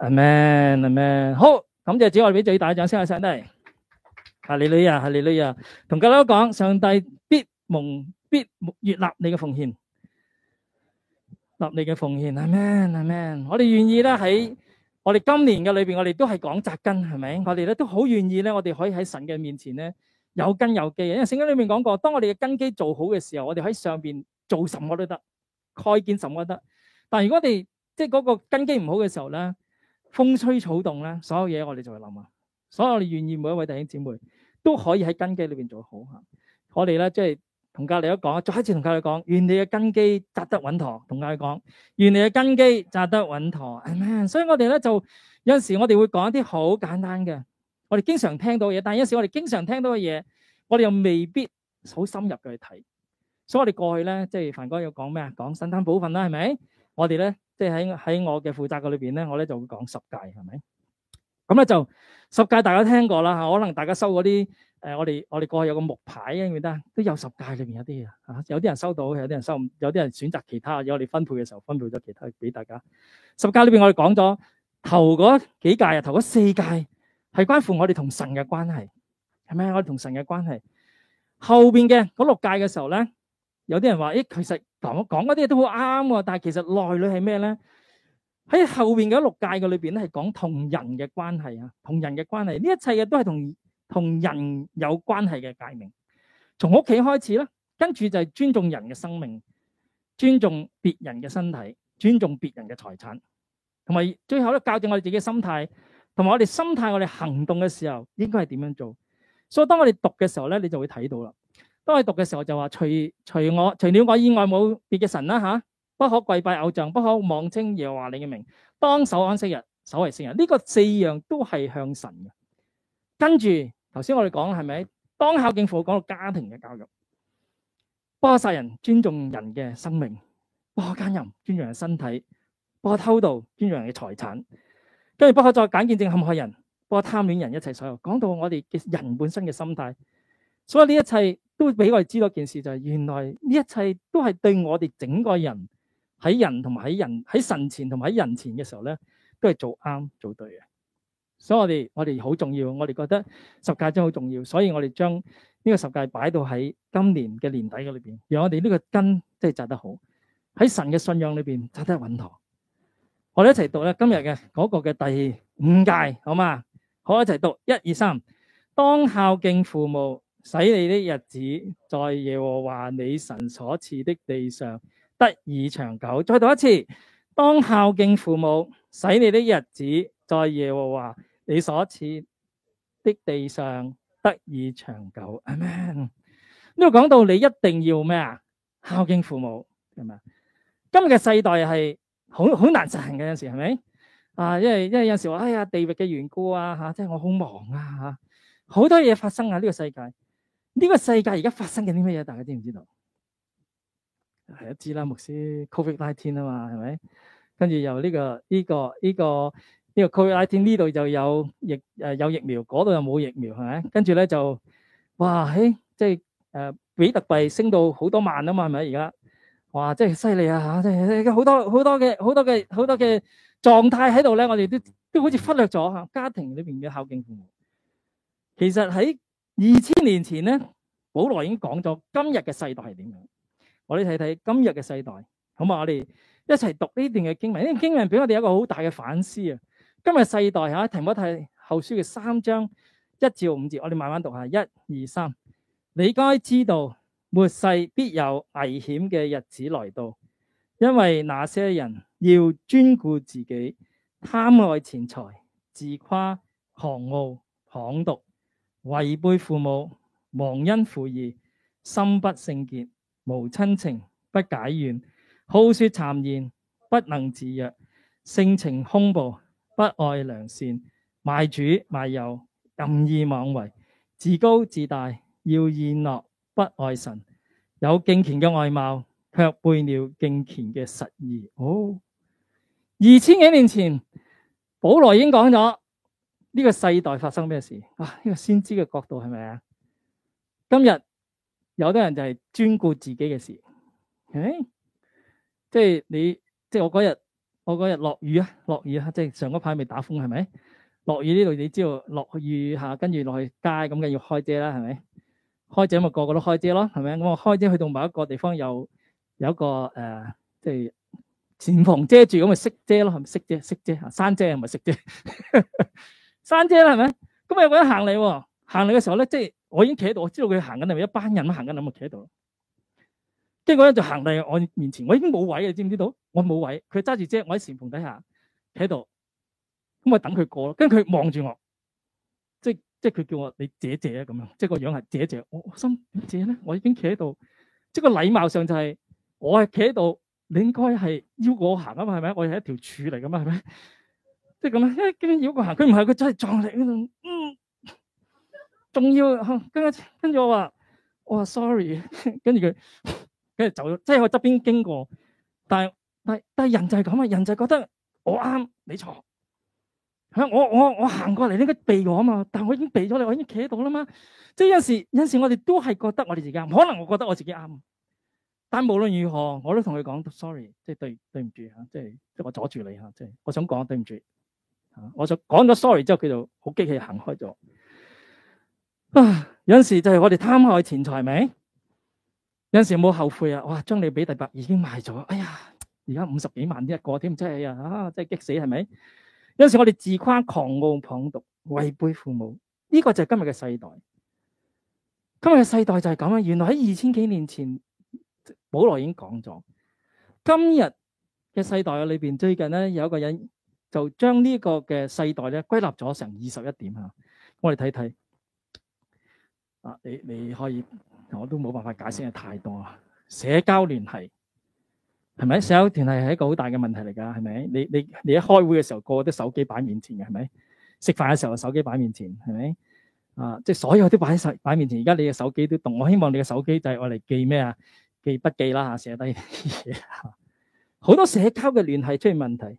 阿們，阿們，好，感謝主，我哋俾最大嘅掌聲，阿上帝，哈利路亞，哈利路亞，同各位都講，上帝必蒙必月立你嘅奉獻，立你嘅奉獻，阿們，阿們，我哋願意咧喺我哋今年嘅裏邊，我哋都係講紮根，係咪？我哋咧都好願意咧，我哋可以喺神嘅面前咧有根有基，因為聖經裏面講過，當我哋嘅根基做好嘅時候，我哋喺上邊做什麼都得，蓋建什麼都得，但係如果我哋即係嗰個根基唔好嘅時候咧。風吹草動咧，所有嘢我哋就會諗啊！所以我哋願意每一位弟兄姊妹都可以喺根基裏邊做好嚇。我哋咧即係同隔離一講，再一次同隔離講，原嚟嘅根基扎得穩妥。同隔離講，原嚟嘅根基扎得穩妥。係咪？所以我哋咧就有陣時我哋會講一啲好簡單嘅，我哋經常聽到嘅嘢，但係有陣時我哋經常聽到嘅嘢，我哋又未必好深入嘅去睇。所以我哋過去咧即係凡哥要講咩啊？講新單補份啦，係咪？我哋咧，即係喺喺我嘅負責嘅裏邊咧，我咧就會講十誡，係咪？咁咧就十誡，大家聽過啦吓，可能大家收嗰啲誒，我哋我哋過去有個木牌啊，咁樣都有十誡裏邊有啲嘢吓，有啲人收到，有啲人收唔，有啲人選擇其他，有我哋分配嘅時候分配咗其他俾大家。十誡裏邊我哋講咗頭嗰幾誡啊，頭嗰四誡係關乎我哋同神嘅關係，係咪？我哋同神嘅關係，後邊嘅嗰六誡嘅時候咧。有啲人話：誒、欸，其實同我講嗰啲嘢都好啱喎，但係其實內裏係咩咧？喺後邊嘅六誡嘅裏邊咧，係講同人嘅關係啊，同人嘅關係，呢一切嘅都係同同人有關係嘅誡命。從屋企開始啦，跟住就係尊重人嘅生命，尊重別人嘅身體，尊重別人嘅財產，同埋最後咧教正我哋自己嘅心態，同埋我哋心態我哋行動嘅時候應該係點樣做。所以當我哋讀嘅時候咧，你就會睇到啦。當讀嘅時候就話，除除我除了我以外冇別嘅神啦吓、啊，不可跪拜偶像，不可妄稱耶華你嘅名，當守安息日，守為聖日，呢、這個四樣都係向神嘅。跟住頭先我哋講係咪？當孝敬父，講到家庭嘅教育，不可殺人，尊重人嘅生命；不可奸淫，尊重人身體；不可偷盜，尊重人嘅財產。跟住不可再揀見證陷害人，不可貪戀人一切所有。講到我哋嘅人本身嘅心態，所以呢一切。都俾我哋知道件事，就係原來呢一切都係對我哋整個人喺人同埋喺人喺神前同埋喺人前嘅時候咧，都係做啱做對嘅。所以我哋我哋好重要，我哋覺得十誡真係好重要，所以我哋將呢個十誡擺到喺今年嘅年底嘅裏邊，讓我哋呢個根真係扎得好，喺神嘅信仰裏邊扎得穩妥。我哋一齊讀咧今日嘅嗰個嘅第五誡，好嘛？好，一齊讀一二三，當孝敬父母。使你的日子在耶和華你神所賜的地上得以長久。再讀一次：當孝敬父母，使你的日子在耶和華你所賜的地上得以長久。阿門。呢個講到你一定要咩啊？孝敬父母係咪？今日嘅世代係好好難實行嘅，有陣時係咪、哎啊？啊，因為因為有陣時話哎呀地域嘅緣故啊吓，即係我好忙啊吓，好、啊、多嘢發生啊呢，這個世界。呢個世界而家發生緊啲乜嘢？大家知唔知道？係一支啦，牧師，Covid nineteen 啊嘛，係咪？跟住又呢個呢個呢個呢個 Covid nineteen 呢度就有疫誒有疫苗，嗰度又冇疫苗，係咪？跟住咧就哇，誒，即係誒，比特幣升到好多萬啊嘛，係咪？而家哇，真係犀利啊！吓，好多好多嘅好多嘅好多嘅狀態喺度咧，我哋都都好似忽略咗吓，家庭裏邊嘅孝敬父母，其實喺。二千年前咧，保羅已經講咗今日嘅世代係點樣。我哋睇睇今日嘅世代，好嘛？我哋一齊讀呢段嘅經文。呢段經文俾我哋一個好大嘅反思啊！今日世代吓，啊，停一睇後書嘅三章一至五節，我哋慢慢讀下。一二三，你該知道末世必有危險嘅日子來到，因為那些人要專顧自己，貪愛錢財，自誇、狂傲、謗讟。違背父母，忘恩負義，心不聖潔，無親情，不解怨，好說讒言，不能自約，性情兇暴，不愛良善，賣主賣友，任意妄為，自高自大，要宴樂，不愛神，有敬虔嘅外貌，卻背了敬虔嘅實意。好，哦，二千幾年前，保羅已經講咗。呢個世代發生咩事啊？呢個先知嘅角度係咪啊？今日有啲人就係專顧自己嘅事，誒，即係你，即係我嗰日，我嗰日落雨啊，落雨啊，即係上嗰排未打風係咪？落雨呢度你知道落雨下，跟住落去街咁嘅要開遮啦，係咪？開遮咪個個都開遮咯，係咪？咁我開遮去到某一個地方又有一個誒，即係前房遮住咁咪色遮咯，係咪色遮色遮？山遮係咪色遮？山姐啦，係咪？咁啊，我行嚟、哦，行嚟嘅時候咧，即係我已經企喺度，我知道佢行緊咪一班人行緊嚟，我企喺度。跟住我咧就行嚟我面前，我已經冇位，你知唔知道？我冇位，佢揸住遮，我喺簷篷底下企喺度，咁啊等佢過。跟住佢望住我，即係即係佢叫我你姐姐咁樣，即係個樣係姐姐。我心姐咧，我已經企喺度，即係個禮貌上就係我係企喺度，你應該係要我行啊嘛，係咪？我係一條柱嚟噶嘛，係咪？即係咁樣！跟住繞過行，佢唔係佢真係撞嚟嗰度。嗯，仲要跟住跟住我話，我話 sorry。跟住佢跟住走咗，即係我側邊經過。但係但係但係人就係咁啊！人就係覺得我啱你錯。吓，我我我行過嚟應該避我啊嘛，但我已經避咗你，我已經企到啦嘛。即係有時有時我哋都係覺得我哋自己啱，可能我覺得我自己啱。但係無論如何，我都同佢講 sorry，即係對對唔住吓，即係即係我阻住你吓，即係我想講對唔住。我就講咗 sorry 之後，佢就好激氣行開咗。啊，有陣時就係我哋貪愛錢財，未有陣時冇後悔啊！哇，將你俾第八已經賣咗。哎呀，而家五十幾萬呢一個添，真係啊！啊，真係激死係咪？有陣時我哋自誇狂傲、謗讟、違背父母，呢、這個就係今日嘅世代。今日嘅世代就係咁啊！原來喺二千幾年前，保羅已經講咗。今日嘅世代啊，裏邊最近咧有一個人。就將呢個嘅世代咧歸納咗成二十一點吓，我哋睇睇啊，你你可以，我都冇辦法解釋得太多啊。社交聯繫係咪？社交聯繫係一個好大嘅問題嚟噶，係咪？你你你一開會嘅時候，個個都手機擺面前嘅，係咪？食飯嘅時候，手機擺面前，係咪？啊，即係所有都擺晒擺面前。而家你嘅手機都動，我希望你嘅手機就係我嚟記咩啊？記筆記啦，吓，寫低啲嘢。好多社交嘅聯繫出現問題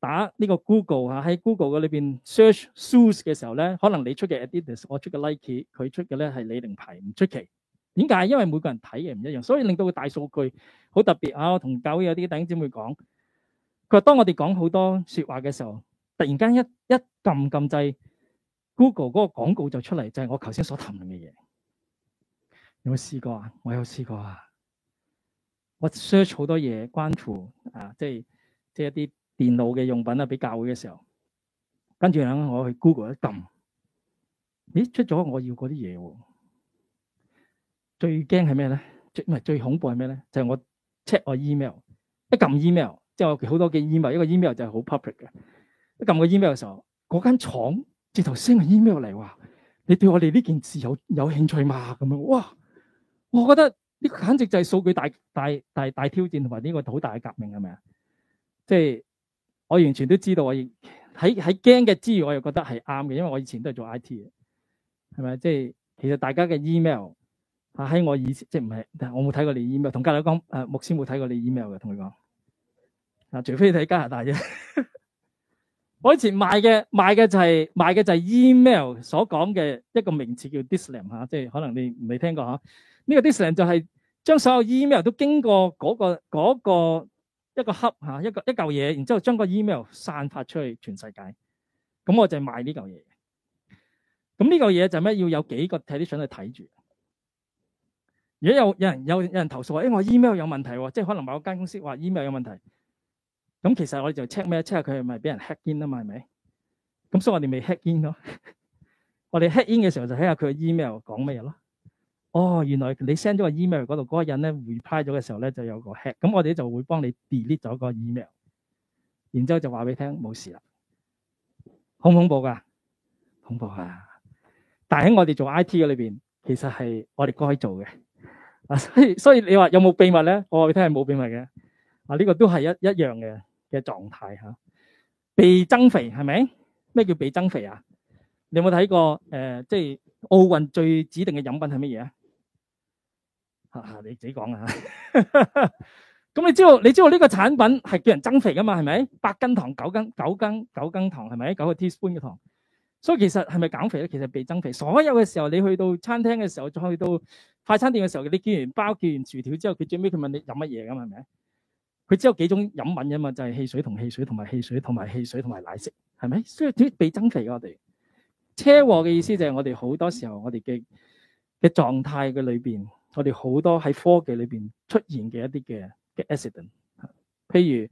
打呢個 Google 吓，喺 Google 嘅裏邊 search source 嘅時候咧，可能你出嘅 Adidas，我出嘅 Nike，佢出嘅咧係李寧牌，唔出奇。點解？因為每個人睇嘅唔一樣，所以令到個大數據好特別啊！我同教會有啲弟兄姊妹講，佢話當我哋講好多說話嘅時候，突然間一一撳撳掣，Google 嗰個廣告就出嚟，就係、是、我頭先所談論嘅嘢。有冇試過啊？我有試過啊！我 search 好多嘢，關乎啊，即係即係一啲。電腦嘅用品啊，俾教會嘅時候，跟住咧我去 Google 一撳，咦出咗我要嗰啲嘢喎。最驚係咩咧？最唔係最恐怖係咩咧？就係、是、我 check 我 email，一撳 email，即係我好多嘅 email，一個 email 就係好 public 嘅。一撳個 email 嘅時候，嗰間廠直頭 send 個 email 嚟話，你對我哋呢件事有有興趣嘛？咁樣哇，我覺得呢個簡直就係數據大大大大大挑戰同埋呢個好大嘅革命係咪啊？即係。我完全都知道，我喺喺驚嘅之餘，我又覺得係啱嘅，因為我以前都係做 I.T 嘅，係咪？即係其實大家嘅 email，啊喺我以前即係唔係，我冇睇過你 email，同，家、呃、你 em 同家加拿大講，誒牧師冇睇過你 email 嘅，同佢講，啊除非睇加拿大啫。我以前賣嘅賣嘅就係、是、賣嘅就係 email 所講嘅一個名詞叫 dislam 嚇，即係可能你未聽過嚇。呢、這個 dislam 就係將所有 email 都經過嗰個嗰個。那個一個盒吓，一個一嚿嘢，然之後將個 email 散發出去全世界，咁我就賣呢嚿嘢。咁呢嚿嘢就咩？要有幾個睇啲相去睇住。如果有有人有有人投訴話，誒我 email 有問題，即係可能某間公司話 email 有問題，咁其實我哋就 check 咩？check 下佢係咪俾人 hack in 啊嘛，係咪？咁所以我哋未 hack in 咯。我哋 hack in 嘅時候就睇下佢個 email 講咩嘢咯。哦，原來你 send 咗個 email 嗰度，嗰個人咧 reply 咗嘅時候咧就有個 head，咁我哋就會幫你 delete 咗個 email，然之後就話俾你聽冇事啦，恐唔恐怖噶、啊？恐怖啊！但喺我哋做 IT 嘅裏邊，其實係我哋該做嘅、啊，所以所以你話有冇秘密咧？我話俾你聽係冇秘密嘅，啊呢、這個都係一一樣嘅嘅狀態吓、啊，被增肥係咪？咩叫被增肥啊？你有冇睇過誒、呃？即係奧運最指定嘅飲品係乜嘢啊？吓、啊、你自己講啊！咁 你知道你知道呢個產品係叫人增肥噶嘛？係咪八斤糖九斤九斤九斤糖係咪？九個 teaspoon 嘅糖，所以其實係咪減肥咧？其實係增肥。所有嘅時候，你去到餐廳嘅時候，再去到快餐店嘅時候，你叫完包叫完薯條之後，佢最尾佢問你飲乜嘢噶嘛？係咪？佢只有幾種飲品噶嘛？就係、是、汽水同汽水同埋汽水同埋汽水同埋奶昔。係咪？所以啲被增肥我哋車禍嘅意思就係我哋好多時候我哋嘅嘅狀態嘅裏邊。我哋好多喺科技裏邊出現嘅一啲嘅嘅 accident，譬如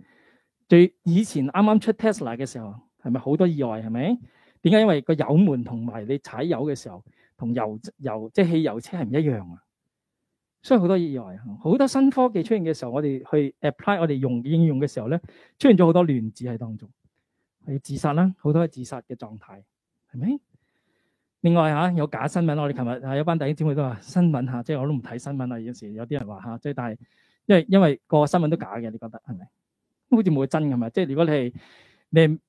最以前啱啱出 Tesla 嘅時候，係咪好多意外？係咪？點解？因為個油門同埋你踩油嘅時候，同油油即係汽油車係唔一樣啊！所以好多意外，好多新科技出現嘅時候，我哋去 apply 我哋用應用嘅時候咧，出現咗好多亂子喺當中，係自殺啦，好多係自殺嘅狀態，係咪？另外嚇有假新聞，我哋琴日啊有班弟兄姊妹都話新聞嚇，即係我都唔睇新聞啦。有時有啲人話嚇，即係但係因為因為個新聞都假嘅，你覺得係咪？好似冇真嘅嘛。即係如果你係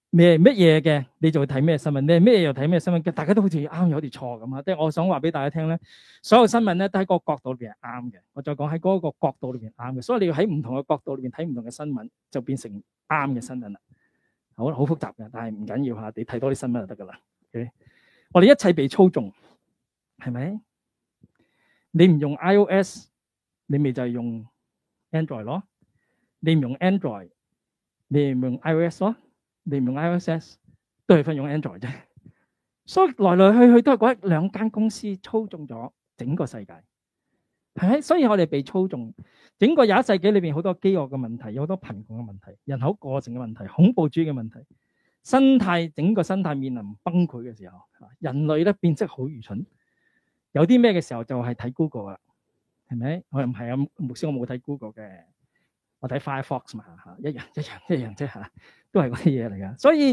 你係乜嘢嘅，你就會睇咩新聞？你係咩又睇咩新聞？大家都好似啱有啲似錯咁啊！即係我想話俾大家聽咧，所有新聞咧都喺個角度裏邊係啱嘅。我再講喺嗰個角度裏邊啱嘅，所以你要喺唔同嘅角度裏邊睇唔同嘅新聞，就變成啱嘅新聞啦。好好複雜嘅，但係唔緊要嚇，你睇多啲新聞就得噶啦。我哋一切被操縱，係咪？你唔用 iOS，你咪就係用 Android 咯？你唔用 Android，你唔用 iOS 咯？你唔用 iOS，都係分用 Android 啫。所以來來去去都係嗰兩間公司操縱咗整個世界。係，所以我哋被操縱。整個廿一世紀裏邊，好多飢餓嘅問題，有好多貧窮嘅問題，人口過剩嘅問題，恐怖主義嘅問題。生態整個生態面臨崩潰嘅時候，人類咧變質好愚蠢。有啲咩嘅時候就係睇 Google 啦，係咪？我又唔係啊，目線我冇睇 Google 嘅，我睇 Firefox 嘛嚇，一樣一樣一樣啫嚇，都係嗰啲嘢嚟噶。所以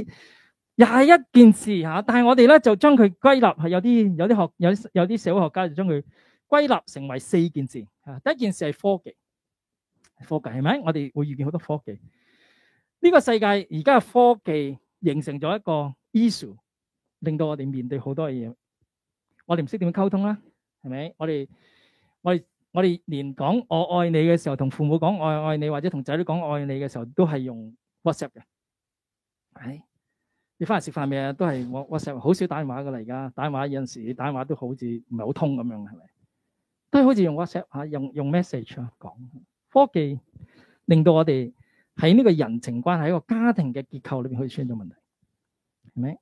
又係一件事嚇，但係我哋咧就將佢歸納係有啲有啲學有有啲社會學家就將佢歸納成為四件事嚇。第一件事係科技，科技係咪？我哋會遇見好多科技。呢個世界而家嘅科技。形成咗一個 issue，令到我哋面對好多嘢。我哋唔識點樣溝通啦，係咪？我哋我哋我哋連講我愛你嘅時候，同父母講我愛你，或者同仔女講我愛你嘅時候，都係用 WhatsApp 嘅。係，你翻嚟食飯未啊？都係我 WhatsApp，好少打電話㗎喇而家。打電話有陣時，你打電話都好似唔係好通咁樣，係咪？都係好似用 WhatsApp 吓、啊，用用 message 啊講。科技令到我哋。喺呢個人情關係一個家庭嘅結構裏邊可以出現咗問題，係咪？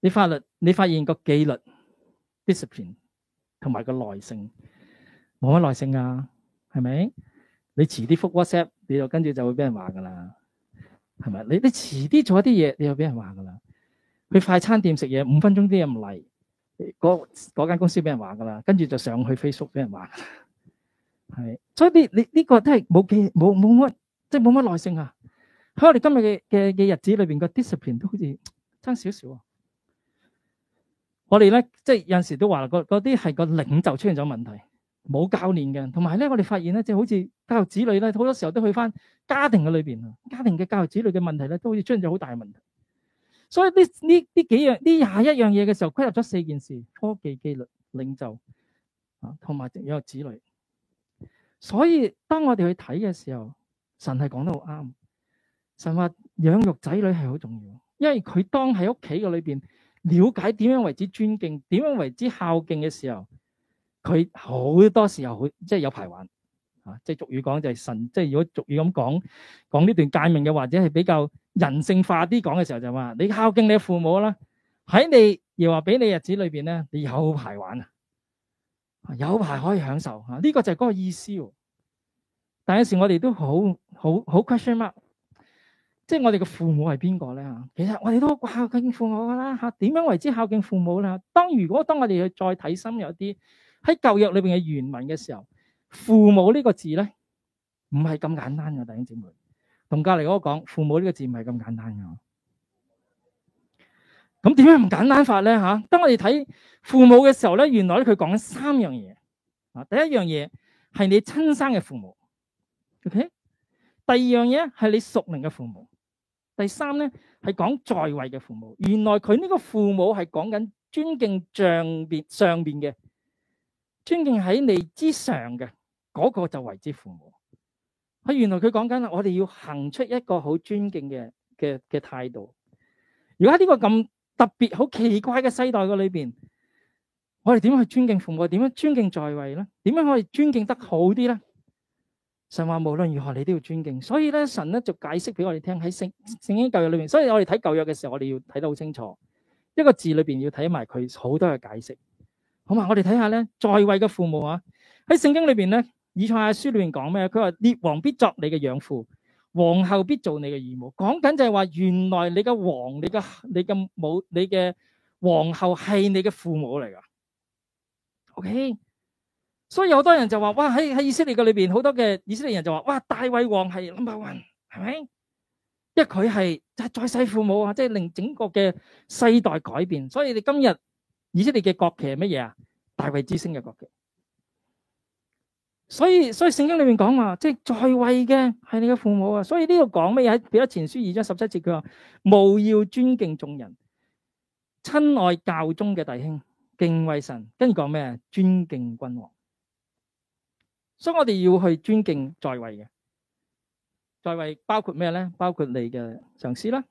你法律你發現個紀律 discipline 同埋個耐性冇乜耐性啊，係咪？你遲啲復 WhatsApp 你就跟住就會俾人話噶啦，係咪？你你遲啲做一啲嘢你就俾人話噶啦。去快餐店食嘢，五分鐘啲嘢唔嚟，嗰間公司俾人話噶啦，跟住就上去 Facebook 俾人話。係，所以啲你呢、呢個都係冇紀冇冇乜。即係冇乜耐性啊！喺我哋今日嘅嘅日子裏邊，個 discipline 都好似差少少。啊。我哋咧，即係有陣時都話啦，嗰啲係個領袖出現咗問題，冇教練嘅。同埋咧，我哋發現咧，即係好似教育子女咧，好多時候都去翻家庭嘅裏邊啊。家庭嘅教育子女嘅問題咧，都好似出現咗好大嘅問題。所以呢呢呢幾樣呢廿一樣嘢嘅時候，歸納咗四件事：科技、紀律、領袖啊，同埋教育子女。所以當我哋去睇嘅時候，神係講得好啱，神話養育仔女係好重要，因為佢當喺屋企嘅裏邊了解點樣為之尊敬，點樣為之孝敬嘅時候，佢好多時候好即係有排玩，啊，即係俗語講就係神，即係如果俗語咁講講呢段誡命嘅，或者係比較人性化啲講嘅時候就話、是，你孝敬你父母啦，喺你又話俾你日子裏邊咧，你有排玩啊，有排可以享受啊，呢、這個就係嗰個意思。啊。但有時我哋都好好好 question mark，即係我哋嘅父母係邊個咧？其實我哋都孝敬父母噶啦嚇，點樣為之孝敬父母咧？當如果當我哋去再睇深入一啲喺舊約裏邊嘅原文嘅時候，父母呢個字咧唔係咁簡單嘅，弟兄姊妹同隔離嗰個講，父母呢個字唔係咁簡單嘅。咁點樣唔簡單法咧嚇？當我哋睇父母嘅時候咧，原來咧佢講三樣嘢啊。第一樣嘢係你親生嘅父母。O.K. 第二樣嘢係你屬靈嘅父母，第三咧係講在位嘅父母。原來佢呢個父母係講緊尊敬上邊、上邊嘅尊敬喺你之上嘅嗰、嗰個，就為之父母。啊，原來佢講緊我哋要行出一個好尊敬嘅嘅嘅態度。如果喺呢個咁特別好奇怪嘅世代嘅裏邊，我哋點樣去尊敬父母？點樣尊敬在位咧？點樣可以尊敬得好啲咧？神話，無論如何你都要尊敬，所以咧神咧就解釋俾我哋聽喺聖聖經舊約裏面，所以我哋睇舊約嘅時候，我哋要睇得好清楚一個字裏邊要睇埋佢好多嘅解釋，好嘛？我哋睇下咧，在位嘅父母啊，喺聖經裏邊咧以賽亞書裏邊講咩？佢話，列王必作你嘅養父，皇后必做你嘅義母，講緊就係話原來你嘅王、你嘅你嘅母、你嘅皇后係你嘅父母嚟噶，OK？所以好多人就話，哇！喺喺以色列嘅裏邊，好多嘅以色列人就話，哇！大衛王係 number one，係咪？因為佢係即係在世父母啊，即係令整個嘅世代改變。所以你今日以色列嘅國旗係乜嘢啊？大衛之星嘅國旗。所以所以聖經裏面講啊，即係在位嘅係你嘅父母啊。所以呢度講乜嘢？彼得前書二章十七節，佢話：，務要尊敬眾人，親愛教中嘅弟兄，敬畏神。跟住講咩？尊敬君王。所以我哋要去尊敬在位嘅，在位包括咩咧？包括你嘅上司啦，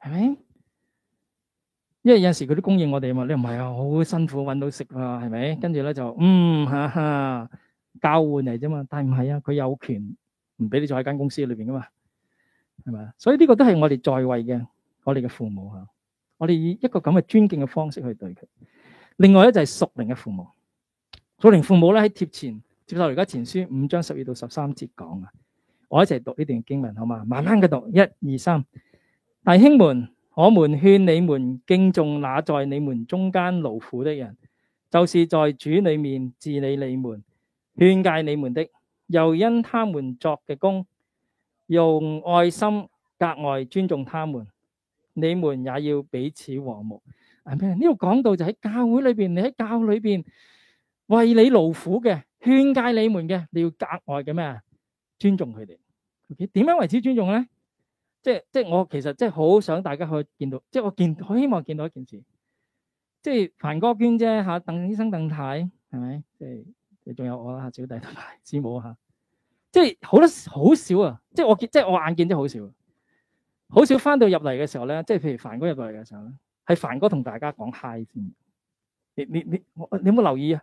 係咪？因為有陣時佢都供應我哋啊嘛，你唔係啊好辛苦揾到食啊，係咪？跟住咧就嗯，哈哈，交換嚟啫嘛。但係唔係啊，佢有權唔俾你做喺間公司裏邊噶嘛，係咪？所以呢個都係我哋在位嘅，我哋嘅父母吓，我哋以一個咁嘅尊敬嘅方式去對佢。另外咧就係屬靈嘅父母，屬靈父母咧喺貼前。接受而家前書五章十二到十三節講啊，我一齊讀呢段經文好嘛？慢慢嘅讀，一二三，弟兄們，我們勸你們敬重那在你們中間勞苦的人，就是在主裏面治理你們、勸戒你們的，又因他們作嘅工，用愛心格外尊重他們。你們也要彼此和睦。啊咩？呢個講道就喺教會裏邊，你喺教裏邊。為你勞苦嘅勸誡你們嘅，你要格外嘅咩啊？尊重佢哋，點點樣為之尊重咧？即係即係我其實即係好想大家去見到，即係我見好希望見到一件事，即係凡哥娟姐吓，鄧醫生、鄧太係咪？即係仲有我啊，小弟同埋師母啊吓，即係好多好少啊，即係我見即係我眼見都好少，好少翻到入嚟嘅時候咧，即係譬如凡哥入嚟嘅時候咧，係凡哥同大家講 hi 先，你你你我你有冇留意啊？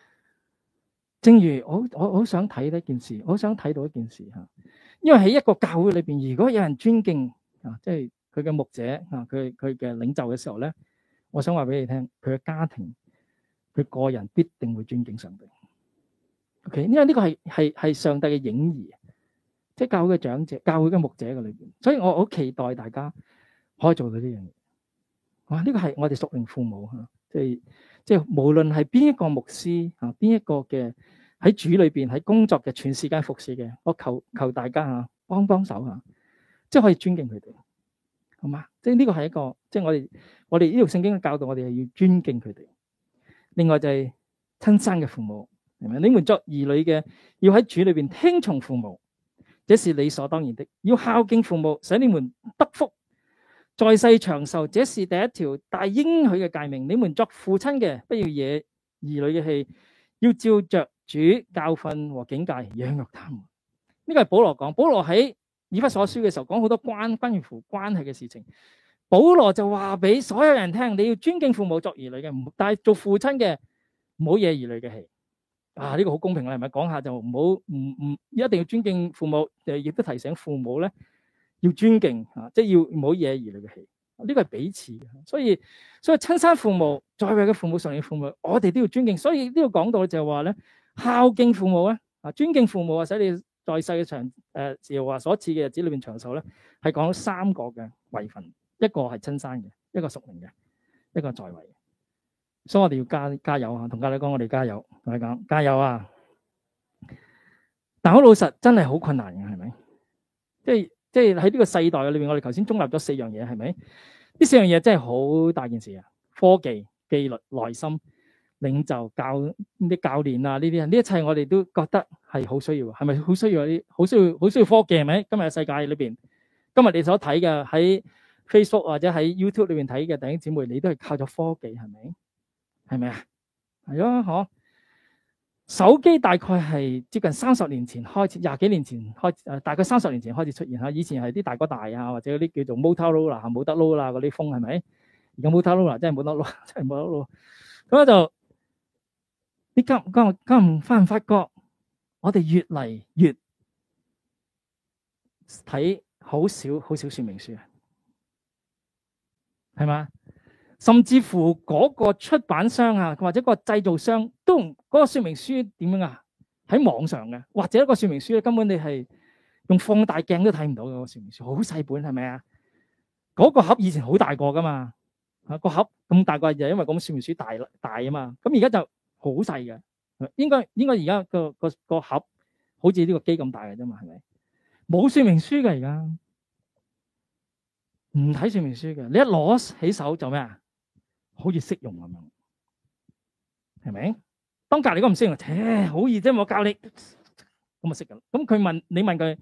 正如我我好想睇呢件事，好想睇到一件事吓，因為喺一個教會裏邊，如果有人尊敬啊，即係佢嘅牧者啊，佢佢嘅領袖嘅時候咧，我想話俾你聽，佢嘅家庭、佢個人必定會尊敬上帝。O.K.，因為呢個係係係上帝嘅影兒，即係教會嘅長者、教會嘅牧者嘅裏邊，所以我好期待大家可以做到呢樣嘢。哇，呢個係我哋屬靈父母吓，即係。即係無論係邊一個牧師啊，邊一個嘅喺主裏邊喺工作嘅全時間服侍嘅，我求求大家啊，幫幫手啊，即係可以尊敬佢哋，好嘛？即係呢個係一個，即係我哋我哋呢度聖經嘅教導，我哋係要尊敬佢哋。另外就係親生嘅父母係咪？你們作兒女嘅要喺主裏邊聽從父母，這是理所當然的，要孝敬父母，使你們得福。在世長壽，這是第一條大應許嘅誡命。你們作父親嘅，不要惹兒女嘅氣，要照著主教訓和警戒養育他們。呢個係保羅講。保羅喺以弗所書嘅時候講好多關，關乎關係嘅事情。保羅就話俾所有人聽，你要尊敬父母作兒女嘅，但係做父親嘅唔好惹兒女嘅氣。啊，呢個好公平啦，係咪？講下就唔好唔唔一定要尊敬父母，就亦都提醒父母咧，要尊敬啊，即係要唔好惹疑嚟嘅氣，呢個係彼此，所以所以親生父母、在位嘅父母、上嘅父母，我哋都要尊敬。所以呢個講到就係話咧，孝敬父母咧啊，尊敬父母啊，使你在世嘅長誒，又、呃、話所賜嘅日子裏邊長壽咧，係講咗三個嘅位分，一個係親生嘅，一個屬靈嘅，一個在位嘅。所以我哋要加加油啊！同家姐講，我哋加油，同你講加油啊！但好老實，真係好困難嘅，係咪？即係。即係喺呢個世代裏面，我哋頭先中立咗四樣嘢，係咪？呢四樣嘢真係好大件事啊！科技、紀律、內心、領袖、教啲教練啊，呢啲人，呢一切我哋都覺得係好需要，係咪？好需要啲，好需要，好需，需，需要科技，係咪？今日嘅世界裏邊，今日你所睇嘅，喺 Facebook 或者喺 YouTube 裏面睇嘅弟兄姊妹，你都係靠咗科技，係咪？係咪啊？係咯，嗬。手機大概係接近三十年前開始，廿幾年前開始，誒大概三十年前開始出現啦。以前係啲大哥大啊，或者嗰啲叫做 Motorola 冇得撈啦嗰啲風係咪？而家 Motorola 真係冇得撈，真係冇得撈。咁我就啲今今今日發唔發覺，我哋越嚟越睇好少好少說明書嘅，係嗎？甚至乎嗰個出版商啊，或者嗰個製造商都唔、嗰個說明書點樣啊？喺網上嘅，或者個說明書咧根本你係用放大鏡都睇唔到嘅，個說明書好細本係咪啊？嗰、嗰個盒以前好大個噶嘛，啊、個盒咁大個就因為個說明書大啦大啊嘛，咁而家就好細嘅，應該應該而家、個個個盒好似呢個機咁大嘅啫嘛，係咪？冇說明書嘅而家，唔睇說明書嘅，你一攞起手做咩啊？好似識用咁樣，係咪？當隔離都唔識用，切，欸，好易啫！我教你咁就識噶。咁佢問你問佢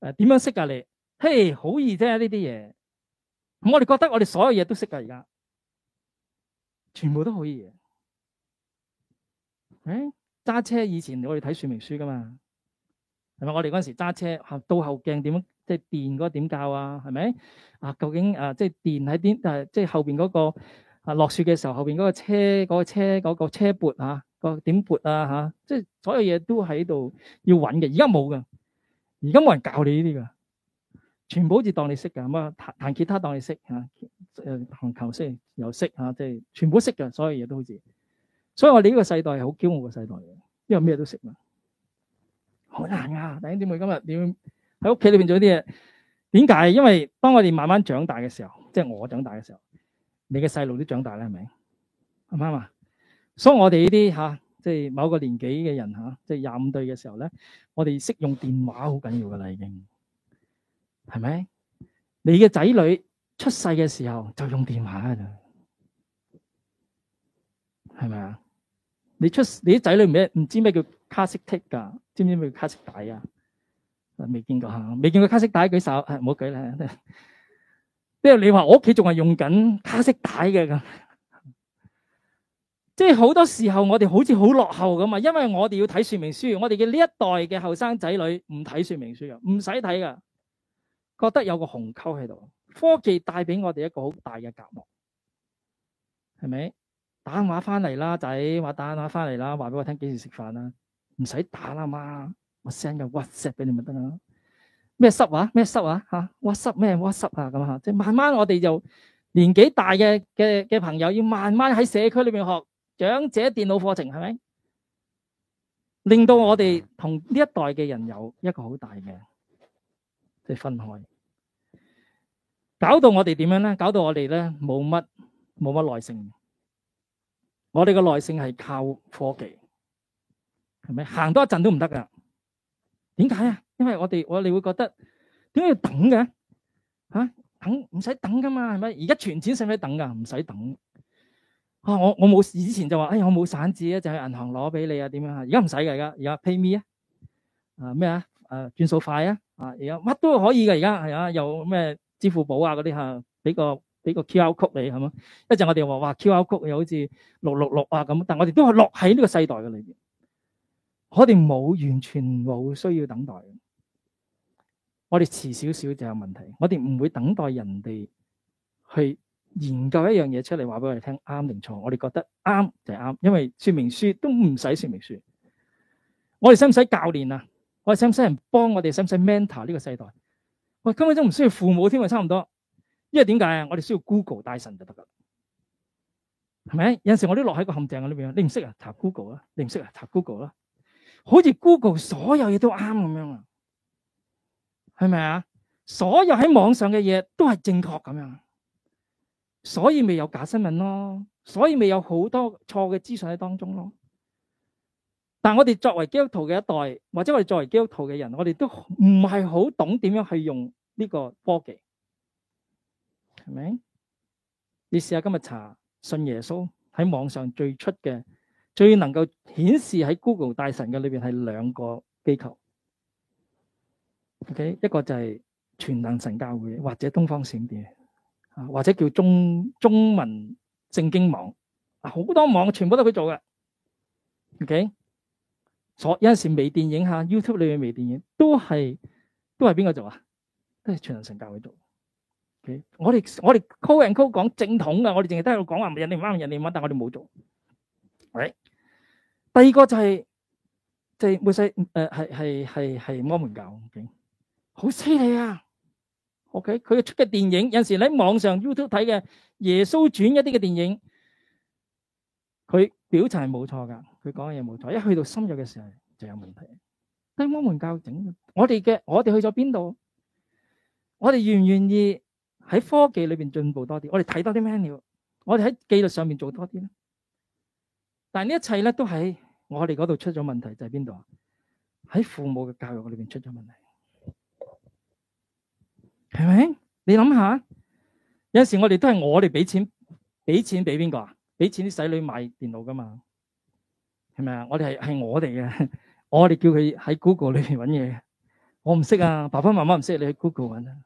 誒點樣識呀？你，嘿、欸，好易啫！呢啲嘢，我哋覺得我哋所有嘢都識噶而家，全部都好易。誒、欸，揸車以前我哋睇說明書噶嘛，係咪？我哋嗰陣時揸車、啊、到倒後鏡點樣即係電嗰點教啊？係咪？啊，究竟誒、啊、即係電喺邊？誒、啊、即係後邊嗰、那個。啊，落雪嘅時候，後邊嗰個車、嗰、那個車、嗰、那個車撥吓，個、啊、點撥啊吓，即係所有嘢都喺度要穩嘅。而家冇噶，而家冇人教你呢啲噶，全部好似當你識噶，乜彈彈吉他當你識吓，誒、啊、彈球識又識吓，即、啊、係、就是、全部識噶，所有嘢都好似。所以我哋呢個世代係好驕傲嘅世代嘅，因為咩都識嘛，好難啊，第一點，佢今日你要喺屋企裏邊做啲嘢，點解？因為當我哋慢慢長大嘅時候，即係我長大嘅時候。你嘅細路都長大啦，係咪啱嘛？所以我哋呢啲吓，即係某個年紀嘅人吓，即係廿五歲嘅時候咧，我哋識用電話好緊要噶啦，已經係咪？你嘅仔女出世嘅時候就用電話噶啦，係咪啊？你出你啲仔女唔咩唔知咩叫卡式帶噶？知唔知咩叫卡式帶啊？啊，未見過吓，未見過卡式帶，舉手誒，唔好舉啦。即係你話我屋企仲係用緊卡式帶嘅，咁， 即係好多時候我哋好似好落後咁嘛，因為我哋要睇說明書，我哋嘅呢一代嘅後生仔女唔睇說明書嘅，唔使睇噶覺得有個鴻溝喺度。科技帶俾我哋一個好大嘅隔膜，係咪？打電話翻嚟啦，仔話打電話翻嚟啦，話俾我聽幾時食飯啦。唔使打啦，媽，我 send 個 WhatsApp 俾你咪得啦。咩濕啊？咩濕啊？吓，屈濕咩？屈濕啊！咁吓，即係慢慢，我哋就年紀大嘅嘅嘅朋友，要慢慢喺社區裏面學長者電腦課程，係咪？令到我哋同呢一代嘅人有一個好大嘅即係分開，搞到我哋點樣咧？搞到我哋咧冇乜冇乜耐性，我哋嘅耐性係靠科技，係咪？行多一陣都唔得噶，點解啊？因為我哋我哋會覺得點解要等嘅吓、啊？等唔使等噶嘛，係咪？而家存錢使唔使等噶？唔使等啊！我我冇以前就話哎呀我冇散紙啊，就去銀行攞俾你啊，點樣啊？而家唔使噶而家而家 pay me 啊咩啊？誒，轉數快啊啊而家乜都可以嘅，而家係啊？有咩支付寶啊嗰啲吓，俾個俾個 QR Code 你係咪？一陣我哋又話哇 QR Code 又好似六六六啊咁，但我哋都係落喺呢個世代嘅裏邊，我哋冇完全冇需要等待。我哋遲少少就有問題，我哋唔會等待人哋去研究一樣嘢出嚟話俾我哋聽啱定錯，我哋覺得啱就啱，因為說明書都唔使說明書。我哋使唔使教練啊？我哋使唔使人幫我哋？使唔使 mentor 呢個世代？我根本都唔需要父母添啊，差唔多。因為點解啊？我哋需要 Google 大神就得噶啦，係咪？有陣時我都落喺個陷阱裏邊啊？你唔識啊？查 Google 啦，你唔識啊？查 Google 啦，好似 Google 所有嘢都啱咁樣啊？係咪啊？所有喺網上嘅嘢都係正確咁樣，所以咪有假新聞咯，所以咪有好多錯嘅資訊喺當中咯。但係我哋作為基督徒嘅一代，或者我哋作為基督徒嘅人，我哋都唔係好懂點樣去用呢個科技，係咪？你試下今日查信耶穌喺網上最出嘅，最能夠顯示喺 Google 大神嘅裏邊係兩個機構。O.K. 一個就係全能神教會，或者東方閃電，啊或者叫中中文聖經網，啊好多網全部都係佢做嘅。O.K. 所以有陣時微電影嚇 YouTube 裏面微電影都係都係邊個做啊？都係全能神教會做。O.K. 我哋我哋 call and call 講正統嘅，我哋淨係喺度講話人哋唔啱，人哋唔啱，但係我哋冇做。O.K.。第二個就係就係末世誒係係係係摩門教。好犀利啊！OK，佢出嘅電影有陣時喺網上 YouTube 睇嘅耶穌傳一啲嘅電影，佢表情係冇錯噶佢講嘅嘢冇錯。一去到深入嘅時候就有問題。但係我們教整，我哋嘅我哋去咗邊度？我哋願唔願意喺科技裏邊進步多啲？我哋睇多啲咩料？我哋喺紀律上面做多啲咧？但係呢一切咧都喺我哋嗰度出咗問題，就係邊度啊？喺父母嘅教育裏邊出咗問題。係咪？你諗下，有時我哋都係我哋俾錢，俾錢俾邊個啊？俾錢啲仔女買電腦噶嘛？係咪啊？我哋係係我哋嘅， 我哋叫佢喺 Google 裏邊揾嘢，我唔識啊，爸爸媽媽唔識，你去 Google 揾啦、啊。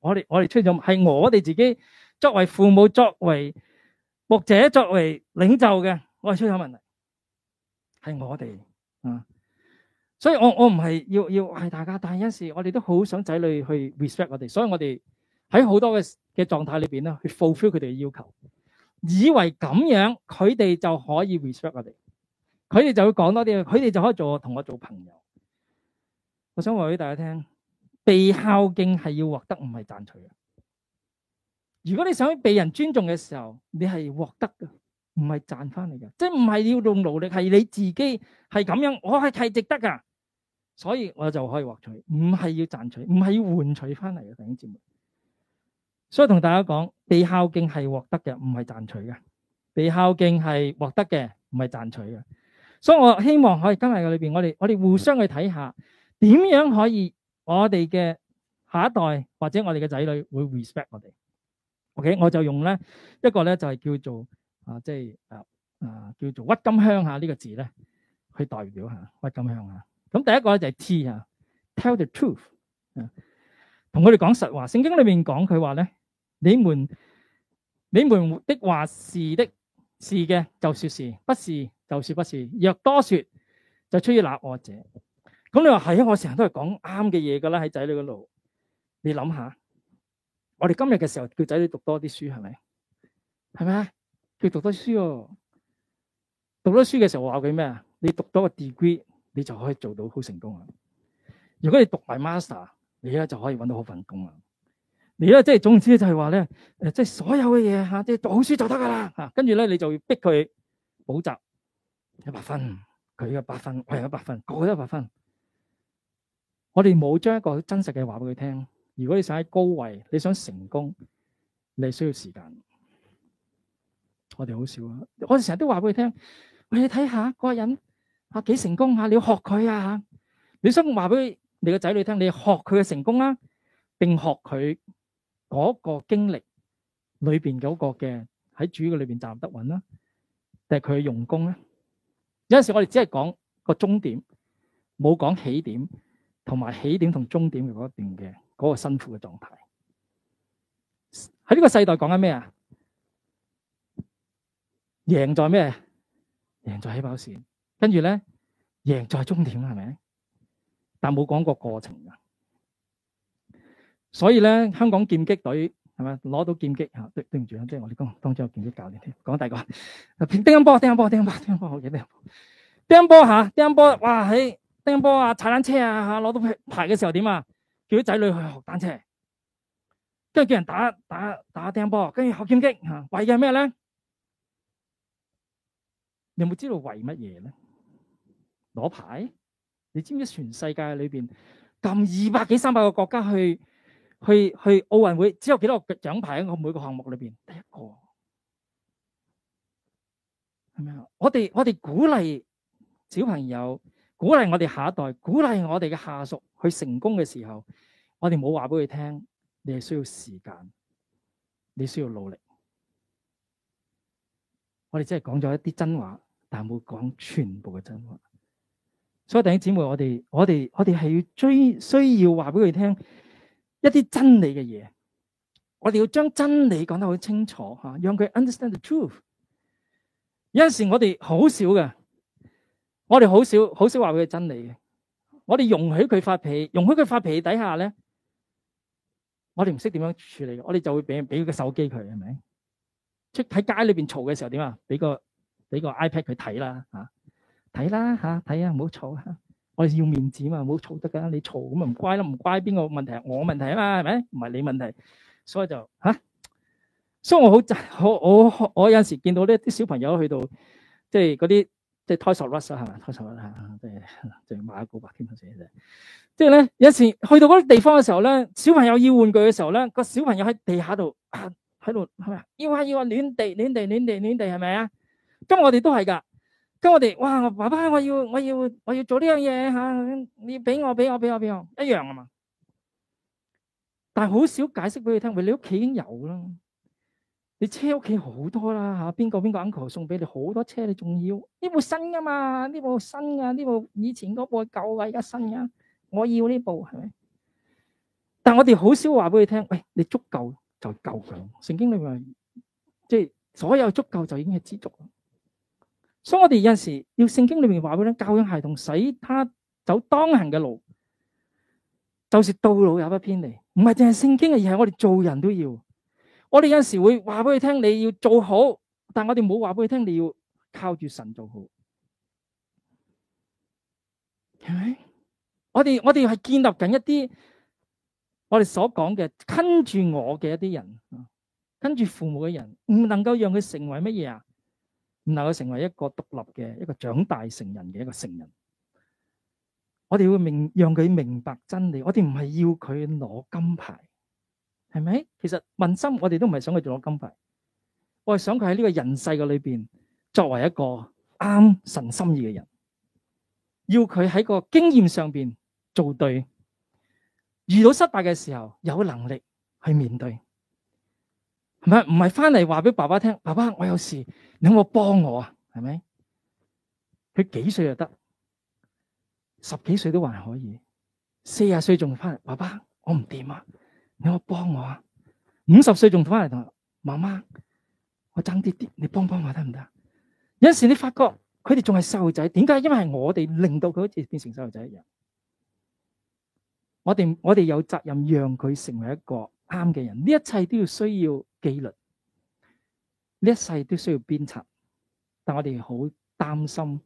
我哋我哋出咗，係我哋自己作為父母、作為牧者、作為領袖嘅，我哋出咗問題，係我哋。嗯、啊。所以我我唔係要要為大家，但係有陣時我哋都好想仔女去 respect 我哋，所以我哋喺好多嘅嘅狀態裏邊啦，去 fulfill 佢哋嘅要求，以為咁樣佢哋就可以 respect 我哋，佢哋就會講多啲，佢哋就可以做同我做朋友。我想話俾大家聽，被孝敬係要獲得，唔係賺取嘅。如果你想被人尊重嘅時候，你係獲得嘅。唔係賺翻嚟嘅，即係唔係要用勞力，係你自己係咁樣，我係係值得噶，所以我就可以獲取，唔係要賺取，唔係要換取翻嚟嘅。弟兄姊妹，所以同大家講，被孝敬係獲得嘅，唔係賺取嘅；被孝敬係獲得嘅，唔係賺取嘅。所以我希望喺今日嘅裏邊，我哋我哋互相去睇下點樣可以我哋嘅下一代或者我哋嘅仔女會 respect 我哋。Okay，我就用咧一個咧就係、是、叫做。啊，即係啊啊，叫做鬱金香下呢個字咧，佢代表下鬱金香啊。咁第一個咧就係 T 啊，Tell the truth 啊，同佢哋講實話。聖經裏面講佢話咧，你們你們的話的是的，是嘅就說是，不是就說不是。若多說，就出於那惡者。咁你話係啊？我成日都係講啱嘅嘢噶啦，喺仔女嗰度。你諗下，我哋今日嘅時候叫仔女讀多啲書，係咪？係咪？佢讀得書哦，讀得書嘅時候我話佢咩啊？你讀多個 degree，你就可以做到好成功啊！如果你讀埋 master，你咧就可以搵到好份工啊！你咧即係總之就係話咧，誒、呃，即係所有嘅嘢吓，即係讀好書就得噶啦吓。跟住咧，你就逼佢補習一百分，佢嘅百分，我一百分，個個一百分。我哋冇將一個真實嘅話俾佢聽。如果你想喺高位，你想成功，你係需要時間。我哋好少啊！我哋成日都話俾佢聽，你睇下嗰個人，啊幾成功啊，你要學佢啊！你想話俾你個仔女聽，你要學佢嘅成功啦，並學佢嗰個經歷裏邊嗰個嘅喺主嘅裏邊站得穩啦。定係佢嘅用功咧，有陣時我哋只係講個終點，冇講起點，同埋起點同終點嘅嗰段嘅嗰個辛苦嘅狀態。喺呢個世代講緊咩啊？贏在咩？贏在起跑線，跟住咧，贏在終點係咪？但冇講過過程啊。所以咧，香港劍擊隊係咪攞到劍擊吓？對唔住啊，即係我哋當當中有劍擊教練添。講第二個，乒乓波、乒乓波、乒乓波、乒乓波，我見乒乓波、乒乓波吓、乒乓波。哇，喺乒乓波啊，踩單車啊，吓攞到牌嘅時候點啊？叫啲仔女去學單車，跟住叫人打打打乒乓波，跟住學劍擊吓，為嘅係咩咧？你有冇知道為乜嘢咧？攞牌？你知唔知全世界裏邊，咁二百幾三百個國家去去去奧運會，只有幾多個獎牌喺我每個項目裏邊？第一個。係咪啊？我哋我哋鼓勵小朋友，鼓勵我哋下一代，鼓勵我哋嘅下屬去成功嘅時候，我哋冇話俾佢聽，你係需要時間，你需要努力。我哋真係講咗一啲真話。但係冇講全部嘅真話，所以弟兄姊妹，我哋我哋我哋係要追需要話俾佢聽一啲真理嘅嘢，我哋要將真理講得好清楚吓，讓佢 understand the truth。有陣時我哋好少嘅，我哋好少好少話俾佢真理嘅，我哋容許佢發脾，容許佢發脾氣底下咧，我哋唔識點樣處理嘅，我哋就會俾俾個手機佢係咪？即喺街裏邊嘈嘅時候點啊？俾個。俾個 iPad 佢睇啦，吓睇啦，吓睇啊！唔好嘈啊！我哋要面子嘛，唔好嘈得㗎。你嘈咁啊，唔乖咯，唔乖邊個問題係我問題啊嘛，係咪？唔係你問題，所以就吓。所以我好就我我我有陣時見到咧啲小朋友去到即係嗰啲即係 toyshop 啦，係咪 toyshop 啊？即係仲要買一個白天鵝先，即係咧有時去到嗰啲地方嘅時候咧，小朋友要玩具嘅時候咧，個小朋友喺地下度喺度係咪要啊要啊，攣地攣地攣地攣地係咪啊？咁我哋都係噶，咁我哋哇，爸爸我要我要我要做呢樣嘢嚇，你俾我俾我俾我俾我，一樣吖嘛？但係好少解釋俾佢聽，喂、哎，你屋企已經有啦，你車屋企好多啦嚇，邊個邊個 uncle 送俾你好多車你，你仲要呢部新噶嘛？呢部新嘅，呢部以前嗰部舊嘅，而家新嘅，我要呢部係咪？但係我哋好少話俾佢聽，喂、哎，你足夠就夠嘅，聖經裏面即係所有足夠就已經係知足。所以我哋有時要聖經裏面話俾佢聽，教養孩童，使他走當行嘅路，就是到老也不偏離。唔係淨係聖經嘅，而係我哋做人都要。我哋有時會話俾佢聽，你要做好，但我哋冇話俾佢聽，你要靠住神做好。係咪？我哋我哋係建立緊一啲我哋所講嘅跟住我嘅一啲人，跟住父母嘅人，唔能夠讓佢成為乜嘢啊？能夠成為一個獨立嘅一個長大成人嘅一個成人，我哋會明，讓佢明白真理。我哋唔係要佢攞金牌，係咪？其實問心，我哋都唔係想佢攞金牌，我係想佢喺呢個人世嘅裏邊，作為一個啱神心意嘅人，要佢喺個經驗上邊做對，遇到失敗嘅時候有能力去面對。唔係唔係，翻嚟話俾爸爸聽，爸爸我有事，你有冇幫我啊？係咪？佢幾歲就得？十幾歲都還可以，四十歲仲翻嚟，爸爸我唔掂啊，有冇幫我啊？五十歲仲翻嚟同媽媽，我爭啲啲，你幫幫我得唔得？有陣時你發覺佢哋仲係細路仔，點解？因為係我哋令到佢好似變成細路仔一樣。我哋我哋有責任讓佢成為一個。啱嘅人，呢一切都要需要紀律，呢一切都需要鞭策。但我哋好擔心，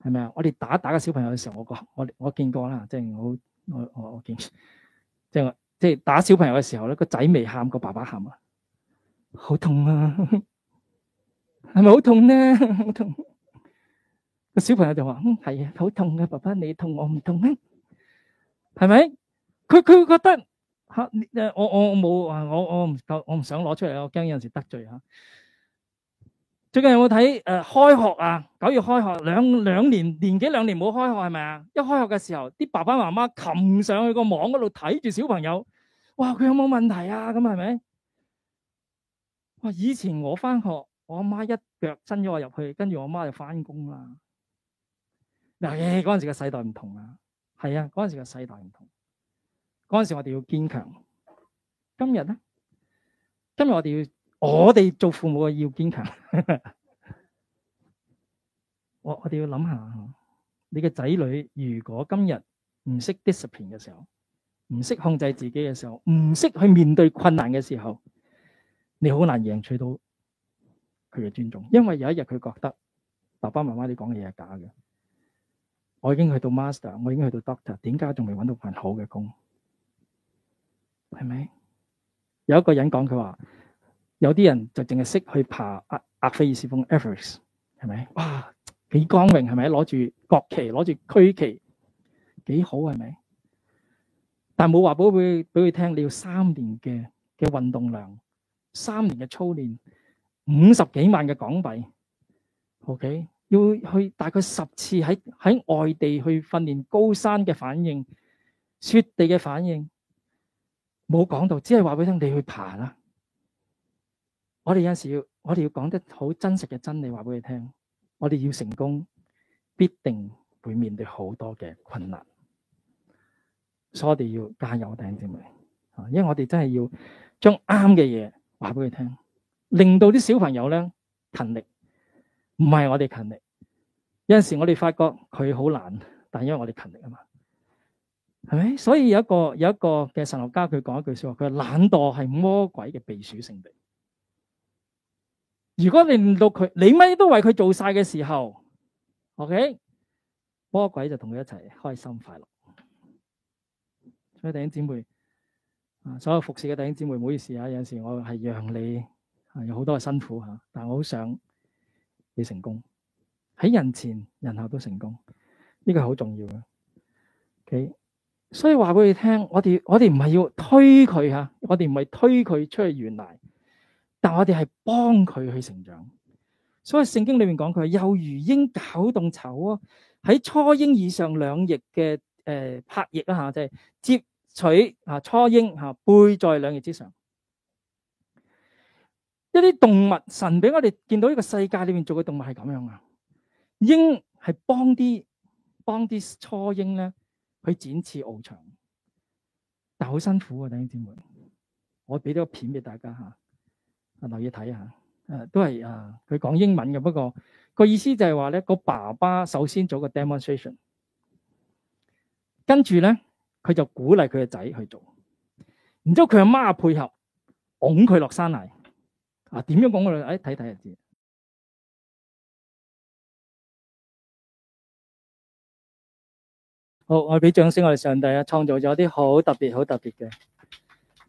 係咪啊？我哋打打個小朋友嘅時候，我個我我見過啦，即係我我我我見，即係即係打小朋友嘅時候咧，個仔未喊，個爸爸喊啊，好痛啊！係咪好痛呢？好痛！個小朋友就話：嗯，係啊，好痛嘅，爸爸，你痛我唔痛咩？係咪？佢佢覺得。吓，誒，我我我冇啊，我我唔夠，我唔想攞出嚟，我驚有陣時得罪吓。最近有冇睇誒開學啊？九月開學，兩兩年年幾兩年冇開學，係咪啊？一開學嘅時候，啲爸爸媽媽擒上去個網嗰度睇住小朋友，哇，佢有冇問題啊？咁係咪？哇，以前我翻學，我阿媽一腳伸咗我入去，跟住我阿媽就翻工啦。嗱，嗰陣時嘅世代唔同啦，係啊，嗰陣時嘅世代唔同。嗰陣時我哋要堅強，今日咧，今日我哋要，我哋做父母嘅要堅強。 我我哋要諗下，你嘅仔女如果今日唔識 discipline 嘅時候，唔識控制自己嘅時候，唔識去面對困難嘅時候，你好難贏取到佢嘅尊重。因為有一日佢覺得爸爸媽媽你講嘅嘢係假嘅，我已經去到 master，我已經去到 doctor，點解仲未搵到份好嘅工？係咪？有一個人講佢話，有啲人就淨係識去爬阿阿菲爾斯峰 Everest 係咪？哇，幾光榮係咪？攞住國旗，攞住區旗，幾好係咪？但冇話俾佢俾佢聽，你要三年嘅嘅運動量，三年嘅操練，五十幾萬嘅港幣，OK，要去大概十次喺喺外地去訓練高山嘅反應、雪地嘅反應。冇講到，只係話俾佢聽你去爬啦。我哋有陣時要，我哋要講得好真實嘅真理話俾佢聽。我哋要成功，必定會面對好多嘅困難，所以我哋要加油，弟兄姊妹。啊，因為我哋真係要將啱嘅嘢話俾佢聽，令到啲小朋友咧勤力。唔係我哋勤力，有陣時我哋發覺佢好難，但因為我哋勤力啊嘛。係咪？所以有一個有一個嘅神學家佢講一句說話，佢話懶惰係魔鬼嘅避暑勝地。如果你唔到佢，你乜都為佢做晒嘅時候，OK，魔鬼就同佢一齊開心快樂。所以弟兄姊妹啊，所有服侍嘅弟兄姊妹，唔好意思啊，有陣時我係讓你啊有好多嘅辛苦吓，但係我好想你成功，喺人前人後都成功，呢個係好重要嘅。OK。所以話俾你聽，我哋我哋唔係要推佢吓，我哋唔係推佢出去原嚟，但我哋係幫佢去成長。所以聖經裏面講佢又如鷹攪動巢喎，喺雛鷹以上兩翼嘅誒、呃、拍翼啊吓，就係、是、接取啊雛鷹吓、啊、背在兩翼之上。一啲動物，神俾我哋見到呢個世界裏面做嘅動物係咁樣啊。鷹係幫啲幫啲雛鷹咧。佢展翅翱翔，但好辛苦啊！弟兄姊妹，我俾咗個片俾大家吓，啊留意睇下，誒都係啊，佢、呃、講英文嘅，不過個意思就係話咧，個爸爸首先做個 demonstration，跟住咧佢就鼓勵佢嘅仔去做，然之後佢阿媽配合，拱佢落山嚟，啊點樣講嘅誒睇睇就知。哎看看就知。好、哦，我俾掌聲，我哋上帝啊，創造咗啲好特別、好特別嘅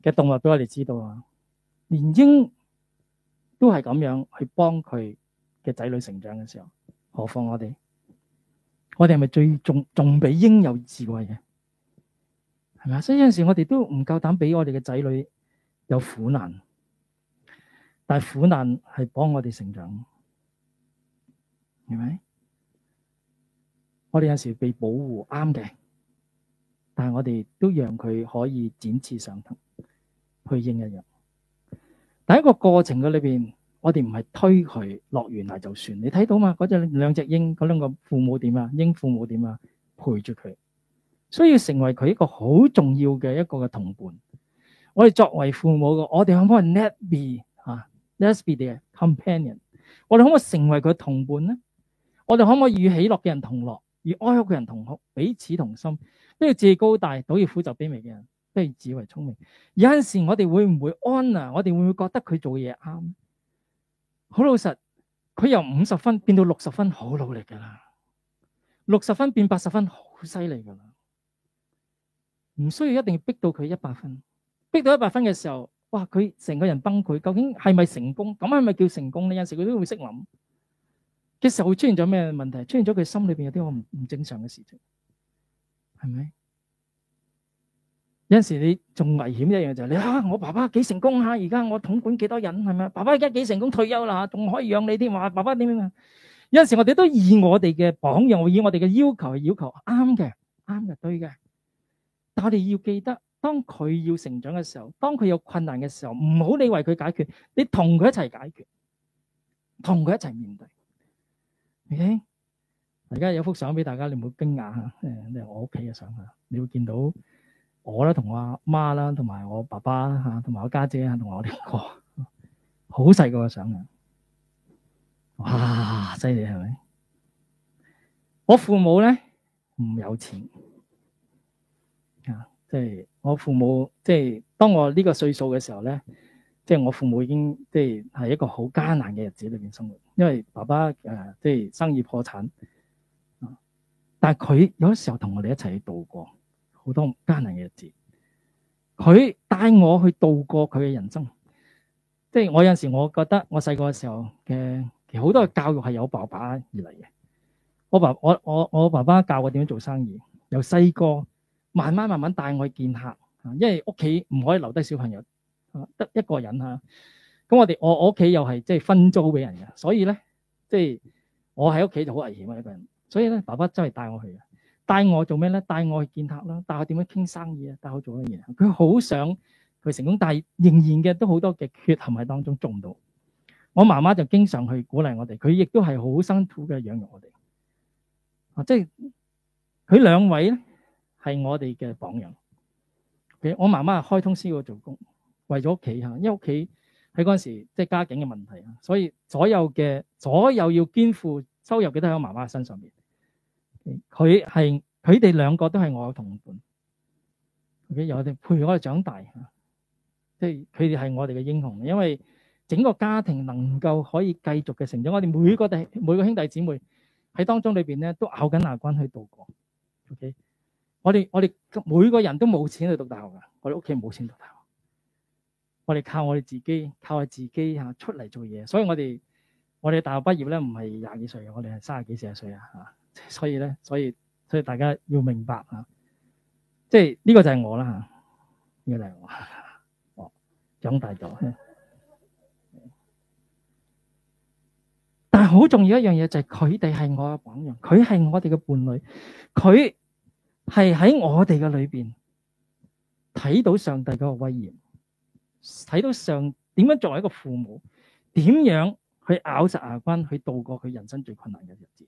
嘅動物俾我哋知道啊。連鷹都係咁樣去幫佢嘅仔女成長嘅時候，何況我哋？我哋係咪最重仲比鷹有智慧嘅？係咪啊？所以有陣時我哋都唔夠膽俾我哋嘅仔女有苦難，但係苦難係幫我哋成長，明唔我哋有時被保護啱嘅，但係我哋都讓佢可以展翅上騰，去應一樣。第一個過程嘅裏邊，我哋唔係推佢落懸崖就算。你睇到嘛？嗰、那、隻、個、兩隻鷹，嗰、那、兩個父母點啊？鷹父母點啊？陪住佢，所以要成為佢一個好重要嘅一個嘅同伴。我哋作為父母嘅，我哋可唔可以 let be 吓，let be 嘅、uh, companion？我哋可唔可以成為佢同伴呢？我哋可唔可以與喜樂嘅人同樂？而哀哭嘅人，同哭彼此同心；不要自高大，倒要俯就卑微嘅人，不要自為聰明。有陣時，我哋會唔會安啊？我哋會唔會覺得佢做嘢啱？好老實，佢由五十分變到六十分，好努力㗎喇。六十分變八十分，好犀利㗎喇。唔需要一定要逼到佢一百分，逼到一百分嘅時候，哇！佢成個人崩潰。究竟係咪成功？咁係咪叫成功咧？有陣時佢都會識諗。嘅時候出現咗咩問題？出現咗佢心裏邊有啲好唔唔正常嘅事情，係咪？有陣時你仲危險一樣就係你話啊，我爸爸幾成功下、啊，而家我統管幾多人，係咪？爸爸而家幾成功退休啦，仲可以養你添、啊，話爸爸點樣、啊。有陣時我哋都以我哋嘅榜樣，以我哋嘅要求要求啱嘅，啱嘅對嘅。但我哋要記得，當佢要成長嘅時候，當佢有困難嘅時候，唔好理為佢解決，你同佢一齊解決，同佢一齊面對。誒，而家、okay? 有幅相俾大家，你唔會驚訝吓，誒，我屋企嘅相啊，你會見到我啦，同我阿媽啦，同埋我爸爸吓，同埋我家姐啊，同埋我哋哥，好細個嘅相啊，哇，犀利係咪？我父母咧唔有錢啊，即係我父母，即係當我呢個歲數嘅時候咧。即係我父母已經即係係一個好艱難嘅日子裏邊生活，因為爸爸誒即係生意破產，但係佢有啲時候同我哋一齊去度過好多艱難嘅日子。佢帶我去度過佢嘅人生，即係我有陣時我覺得我細個嘅時候嘅其實好多教育係有爸爸而嚟嘅。我爸我我我爸爸教我點樣做生意，由細個慢慢慢慢帶我去見客，因為屋企唔可以留低小朋友。得一個人嚇，咁我哋我我屋企又係即係分租俾人嘅，所以咧即係我喺屋企就好危險啊一個人。人所以咧、就是，爸爸真係帶我去嘅，帶我做咩咧？帶我去見客啦，帶我點樣傾生意啊，帶我做乜嘢？佢好想佢成功，但係仍然嘅都好多嘅缺陷喺當中做唔到。我媽媽就經常去鼓勵我哋，佢亦都係好辛苦嘅養育我哋啊！即係佢兩位咧係我哋嘅榜樣。我媽媽係開通宵做工，為咗屋企吓，因為屋企喺嗰陣時即係家境嘅問題啊，所以所有嘅所有要肩負收入嘅都喺我媽媽嘅身上面。佢係佢哋兩個都係我嘅同伴。OK，由我哋陪我哋長大，即係佢哋係我哋嘅英雄。因為整個家庭能夠可以繼續嘅成長，我哋每個弟每個兄弟姊妹喺當中裏邊咧都咬緊牙關去度過。OK，我哋我哋每個人都冇錢去讀大學噶，我哋屋企冇錢讀大學。我哋靠我哋自己，靠我自己吓出嚟做嘢，所以我哋我哋大學畢業咧唔係廿幾歲嘅，我哋係卅幾四十歲啊吓，所以咧，所以所以大家要明白吓、啊，即係呢、呢個就係我啦吓，呢、啊呢個就係我、啊，哦，長大咗、啊，但係好重要一樣嘢就係佢哋係我嘅榜樣，佢係我哋嘅伴侶，佢係喺我哋嘅裏邊睇到上帝嗰個威嚴。睇到上點樣作為一個父母，點樣去咬實牙關去度過佢人生最困難嘅日子，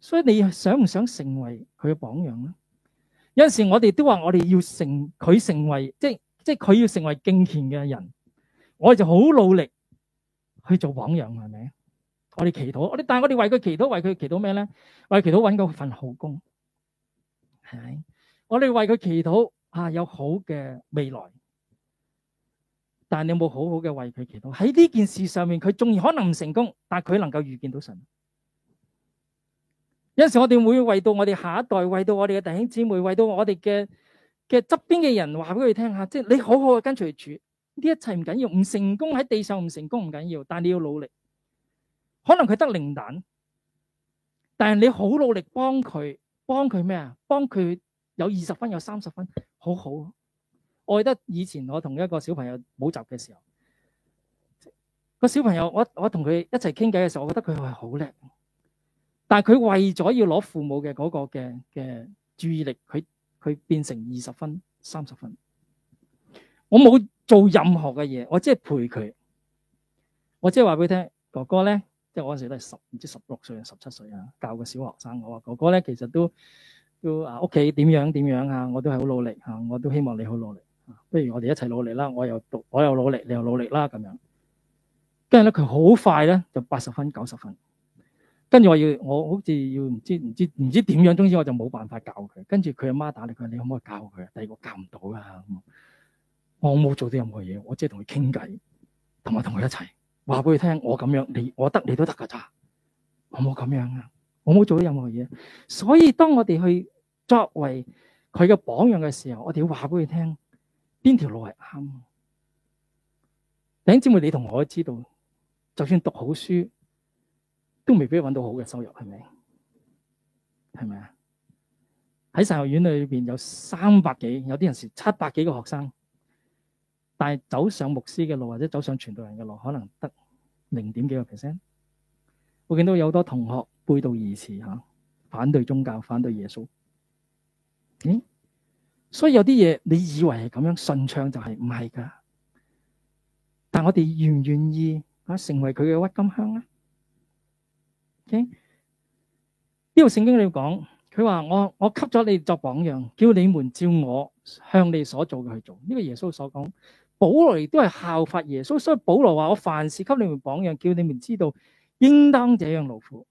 所以你想唔想成為佢嘅榜樣咧？有陣時我哋都話我哋要成佢成為，即係即係佢要成為敬虔嘅人，我哋就好努力去做榜樣，係咪？我哋祈禱，我哋但係我哋為佢祈禱，為佢祈禱咩咧？為祈禱揾到份好工，係咪？我哋為佢祈禱啊，有好嘅未來。但係你有冇好好嘅為佢祈禱？喺呢件事上面，佢縱然可能唔成功，但係佢能夠遇見到神。有陣時我哋會為到我哋下一代，為到我哋嘅弟兄姊妹，為到我哋嘅嘅側邊嘅人，話俾佢哋聽下，即係你好好嘅跟隨主。呢一切唔緊要，要，唔成功喺地上唔成功唔緊要，要，但係你要努力。可能佢得零蛋，但係你好努力幫佢，幫佢咩啊？幫佢有二十分，有三十分，好好。我記得以前我同一個小朋友補習嘅時候，個小朋友我我同佢一齊傾偈嘅時候，我覺得佢係好叻。但係佢為咗要攞父母嘅嗰個嘅嘅注意力，佢佢變成二十分、三十分。我冇做任何嘅嘢，我即係陪佢，我即係話俾佢聽，哥哥咧，即係我嗰時都係十唔知十六歲啊、十七歲啊，教個小學生。我話哥哥咧，其實都都啊屋企點樣點樣啊，我都係好努力啊，我都希望你好努力。不如我哋一齊努力啦！我又讀，我又努力，你又努力啦，咁樣跟住咧，佢好快咧就八十分、九十分。跟住我要，我好似要唔知唔知唔知點樣，總之我就冇辦法教佢。跟住佢阿媽打嚟，佢你可唔可以教佢？第二個教唔到啊，我冇做啲任何嘢，我只係同佢傾偈，同埋同佢一齊話俾佢聽。我咁樣，你我得你都得噶咋？我冇咁樣啊，我冇做啲任何嘢。所以當我哋去作為佢嘅榜樣嘅時候，我哋要話俾佢聽。邊條路係啱？弟兄姊妹，你同我都知道，就算讀好書，都未必揾到好嘅收入，係咪？係咪啊？喺神學院裏邊有三百幾，有啲人是七百幾個學生，但係走上牧師嘅路或者走上傳道人嘅路，可能得零點幾個 percent。我見到有好多同學背道而馳吓、啊，反對宗教，反對耶穌。嗯？所以有啲嘢你以為係咁樣順暢就係唔係噶，但我哋願唔願意啊成為佢嘅屈金香咧？OK，呢個聖經裏講，佢話我我給咗你作榜樣，叫你們照我向你所做嘅去做。呢、這個耶穌所講，保羅亦都係效法耶穌，所以保羅話我凡事給你們榜樣，叫你們知道應當這樣勞苦，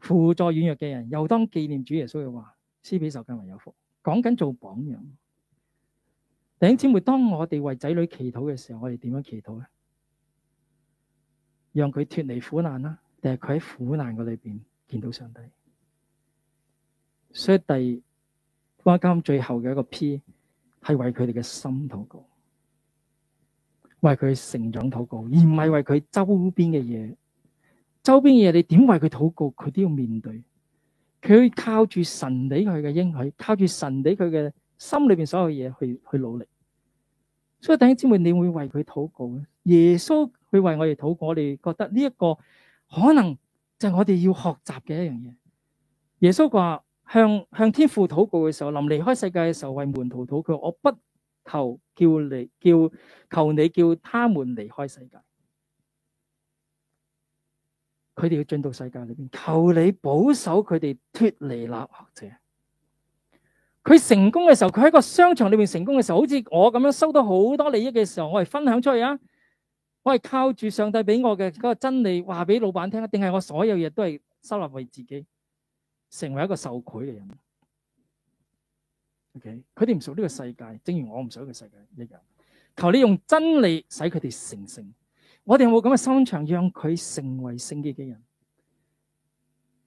扶助軟弱嘅人，又當紀念主耶穌嘅話，施比受更為有福。講緊做榜樣，弟兄姊妹，當我哋為仔女祈禱嘅時候，我哋點樣祈禱咧？讓佢脫離苦難啦，定係佢喺苦難嘅裏邊見到上帝？所以第二，啱啱最後嘅一個 P 係為佢哋嘅心禱告，為佢成長禱告，而唔係為佢周邊嘅嘢。周邊嘅嘢你點為佢禱告，佢都要面對。佢靠住神俾佢嘅應許，靠住神俾佢嘅心裏邊所有嘢去去努力。所以弟兄姊妹，你會為佢禱告嘅？耶穌佢為我哋禱告，我哋覺得呢一個可能就係我哋要學習嘅一樣嘢。耶穌話向向天父禱告嘅時候，臨離開世界嘅時候，為門徒禱告。我不求叫你叫求你叫他們離開世界。佢哋要進到世界裏邊，求你保守佢哋脱離立惡者。佢成功嘅時候，佢喺個商場裏邊成功嘅時候，好似我咁樣收到好多利益嘅時候，我係分享出去啊！我係靠住上帝俾我嘅嗰個真理話俾老闆聽，定係我所有嘢都係收納為自己，成為一個受賄嘅人？OK，佢哋唔屬呢個世界，正如我唔屬呢個世界一樣。求你用真理使佢哋成聖。我哋有冇咁嘅心腸，讓佢成為聖潔嘅人？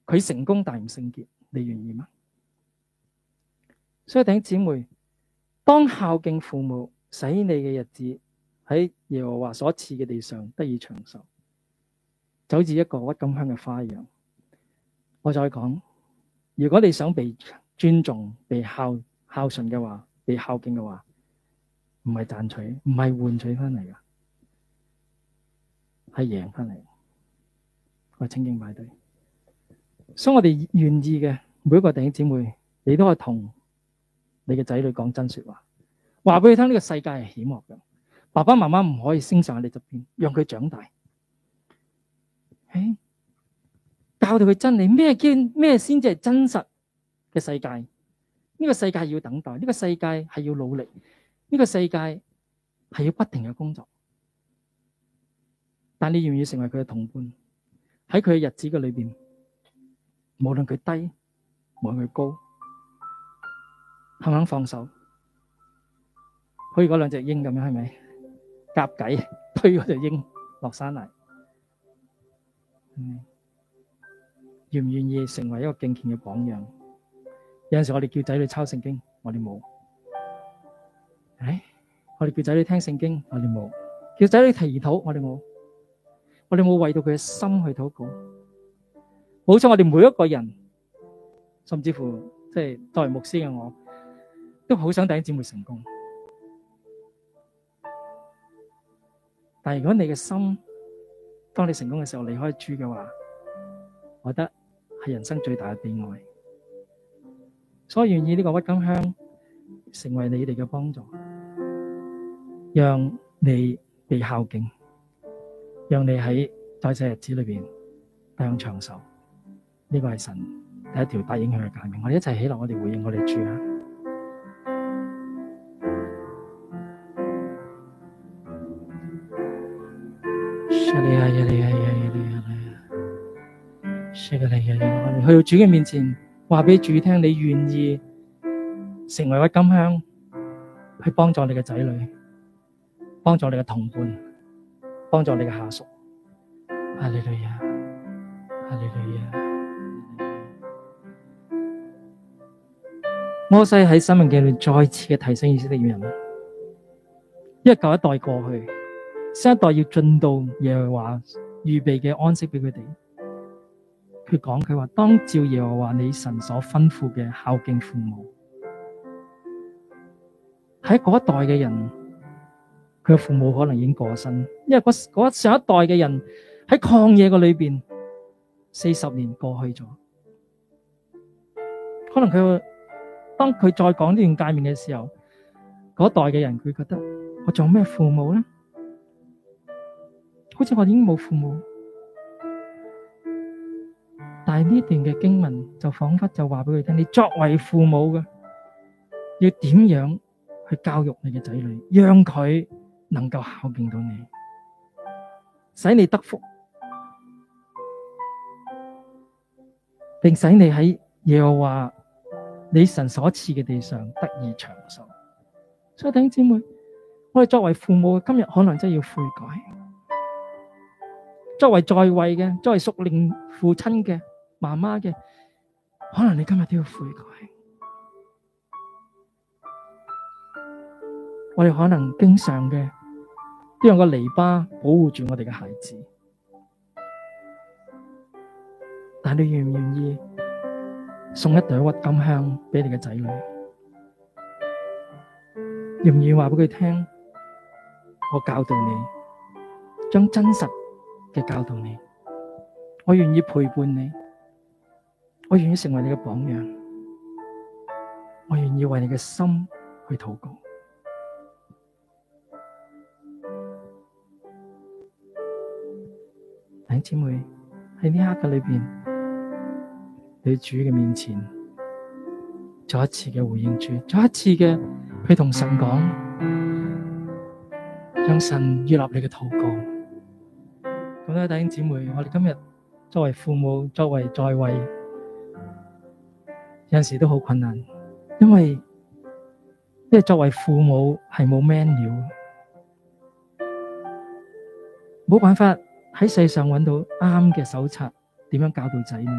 佢成功但唔聖潔，你願意嗎？所以弟姊妹，當孝敬父母，使你嘅日子喺耶和華所賜嘅地上得以長壽，就好似一個鬱金香嘅花一樣。我再講，如果你想被尊重、被孝孝順嘅話，被孝敬嘅話，唔係賺取，唔係換取翻嚟噶。係贏翻嚟，我清清排隊。所以我哋願意嘅每一個弟兄姊妹，你都可以同你嘅仔女講真說話，話俾佢聽呢個世界係險惡嘅。爸爸媽媽唔可以升上喺你側邊，讓佢長大。誒，教到佢真理咩叫咩先至係真實嘅世界？呢個世界要等待，呢個世界係要努力，呢個世界係要不停嘅工作。但你願唔願意成為佢嘅同伴，喺佢嘅日子嘅裏邊，無論佢低，無論佢高，肯唔肯放手？好似嗰兩隻鷹咁樣，係咪夾計推嗰隻鷹落山嚟？嗯，願唔願意成為一個敬虔嘅榜樣？有陣時我哋叫仔女抄聖經，我哋冇。誒，我哋叫仔女聽聖經，我哋冇。叫仔女祈禱，我哋冇。我哋有冇為到佢嘅心去禱告？好彩我哋每一個人，甚至乎即係作為牧師嘅我，都好想弟兄姊妹成功。但係如果你嘅心，當你成功嘅時候離開主嘅話，我覺得係人生最大嘅悲哀。所以願意呢個鬱金香成為你哋嘅幫助，讓你被孝敬。讓你喺在世日子裏面得享長壽，呢、這個係神第一條帶應許嘅誡命。我哋一齊起立，我哋回應，我哋主啊！謝你啊！謝你啊！謝你啊！謝你啊！謝你去到主嘅面前，話俾主聽，你願意成為位金香，去幫助你嘅仔女，幫助你嘅同伴。幫助你嘅下屬。阿利來呀，阿利來呀。摩西喺申命記裡再次嘅提醒以色列人，一舊一代過去，新一代要進到耶和華預備嘅安息俾佢哋。佢講佢話：當照耶和華你神所吩咐嘅孝敬父母，喺嗰一代嘅人。佢父母可能已經過身，因為嗰嗰上一代嘅人喺曠野嘅裏邊，四十年過去咗，可能佢當佢再講呢段誡命嘅時候，嗰代嘅人佢覺得我做咩父母咧？好似我已經冇父母，但係呢段嘅經文就仿佛就話俾佢聽：你作為父母嘅，要點樣去教育你嘅仔女，讓佢。能夠孝敬到你，使你得福，並使你喺耶和華你神所賜嘅地上得以長壽。所以弟兄姊妹，我哋作為父母嘅，今日可能真係要悔改；作為在位嘅，作為屬靈父親嘅、媽媽嘅，可能你今日都要悔改。我哋可能經常嘅。都用個籬笆保護住我哋嘅孩子，但你願唔願意送一朵鬱金香俾你嘅仔女？願唔願意話俾佢聽？我教導你，將真實嘅教導你，我願意陪伴你，我願意成為你嘅榜樣，我願意為你嘅心去禱告。姐妹喺呢刻嘅裏邊，喺主嘅面前再一次嘅回應，住再一次嘅去同神講，讓神接納你嘅禱告。咁咧，弟兄姊妹，我哋今日作為父母，作為在位，有陣時都好困難，因為因為作為父母係冇 man 料，冇辦法。喺世上揾到啱嘅手冊，點樣教導仔女？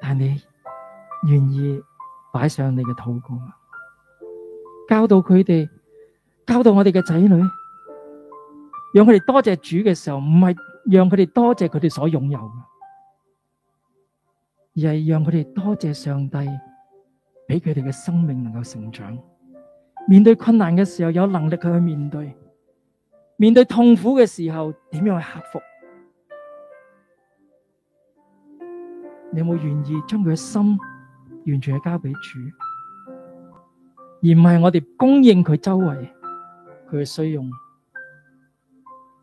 但你願意擺上你嘅禱告，教導佢哋，教導我哋嘅仔女，讓佢哋多謝主嘅時候，唔係讓佢哋多謝佢哋所擁有，而係讓佢哋多謝上帝，俾佢哋嘅生命能夠成長。面對困難嘅時候，有能力去去面對，面對痛苦嘅時候，點樣去克服？你有冇願意將佢嘅心完全去交俾主，而唔係我哋供應佢周圍佢嘅需用，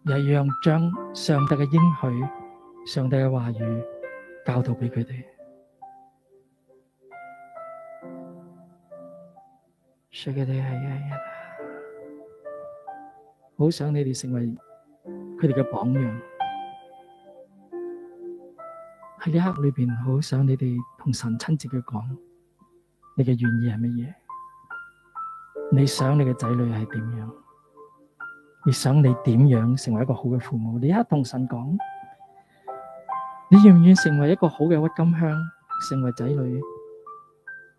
而係讓將上帝嘅應許、上帝嘅話語教導俾佢哋，使佢哋係一一體。好想你哋成為佢哋嘅榜樣，喺呢一刻裏邊，好想你哋同神親自嘅講，你嘅願意係乜嘢？你想你嘅仔女係點樣？你想你點樣成為一個好嘅父母？你一刻同神講，你願唔願成為一個好嘅鬱金香，成為仔女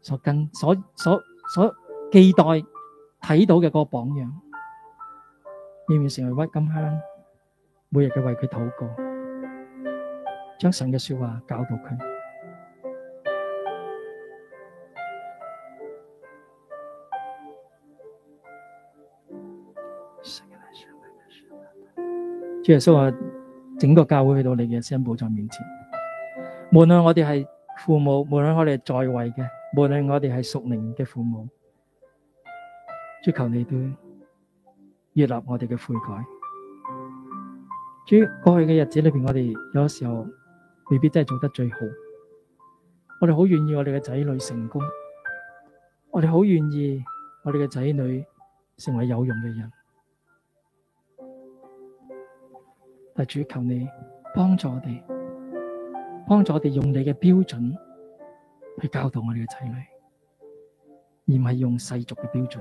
所更所所所期待睇到嘅嗰個榜樣？要唔要成為鬱金香？每日嘅為佢禱告，將神嘅說話教導佢。主耶穌話：整個教會去到你嘅施恩寶座面前。無論我哋係父母，無論我哋在位嘅，無論我哋係屬靈嘅父母，求你對。接納我哋嘅悔改。至於過去嘅日子裏邊，我哋有時候未必真係做得最好。我哋好願意我哋嘅仔女成功，我哋好願意我哋嘅仔女成為有用嘅人。但主求你幫助我哋，幫助我哋用你嘅標準去教導我哋嘅仔女，而唔係用世俗嘅標準。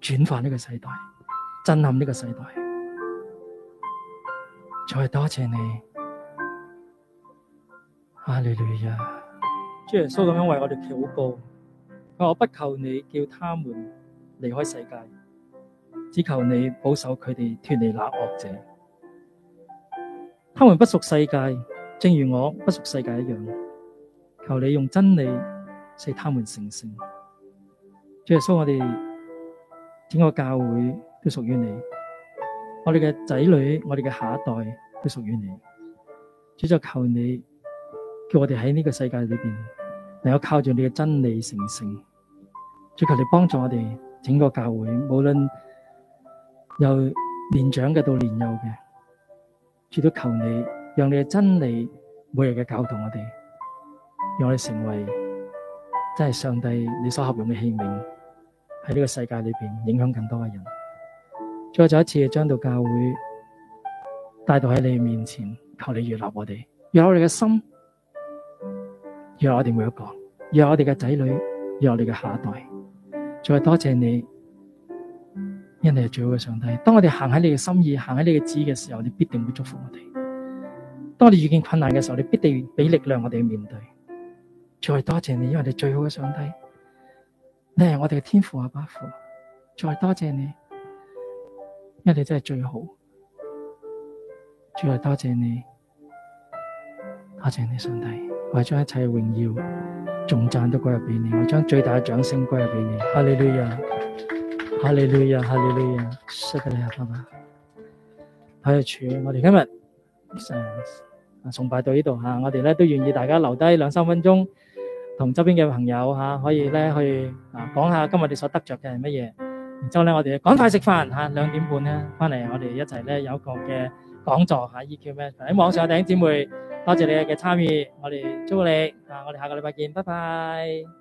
轉化呢個世代，震撼呢個世代，再係多謝你，阿里里啊！主耶穌咁樣為我哋禱告，我不求你叫他們離開世界，只求你保守佢哋脫離那惡者。他們不屬世界，正如我不屬世界一樣。求你用真理使他們成聖。主耶穌，我哋。整個教會都屬於你，我哋嘅仔女，我哋嘅下一代都屬於你。主就求你叫我哋喺呢個世界裏邊，能夠靠住你嘅真理成聖。主求你幫助我哋，整個教會無論由年長嘅到年幼嘅，主都求你，讓你嘅真理每日嘅教導我哋，讓我哋成為真係上帝你所合用嘅器皿。喺呢個世界裏邊影響更多嘅人，再再一次將到教會帶到喺你面前，求你悅納我哋，悅我哋嘅心，悅我哋每一個，悅我哋嘅仔女，悅我哋嘅下一代。再多謝你，因為你係最好嘅上帝。當我哋行喺你嘅心意，行喺你嘅旨意嘅時候，你必定會祝福我哋。當我哋遇見困難嘅時候，你必定俾力量我哋去面對。再多謝你，因為你最好嘅上帝。你係我哋嘅天父阿爸父，再多謝你，因為你真係最好，再多謝你，多謝你上帝，為咗一切榮耀，仲讚都歸入俾你，我將最大嘅掌聲歸入俾你，哈利路亞，哈利路亞，哈利路亞，哈利利亞利亞爸爸謝過你阿爸媽，喺主，我哋今日誒啊崇拜到呢度啊，我哋咧都願意大家留低兩三分鐘。同周邊嘅朋友嚇、啊、可以咧去啊講下今日你所得着嘅係乜嘢，然之後咧我哋趕快食飯嚇、啊，兩點半咧翻嚟，我哋一齊咧有個嘅講座嚇 E Q 咩喺網上有頂姐妹，多謝你嘅參與，我哋祝福你嚇、啊，我哋下個禮拜見，拜拜。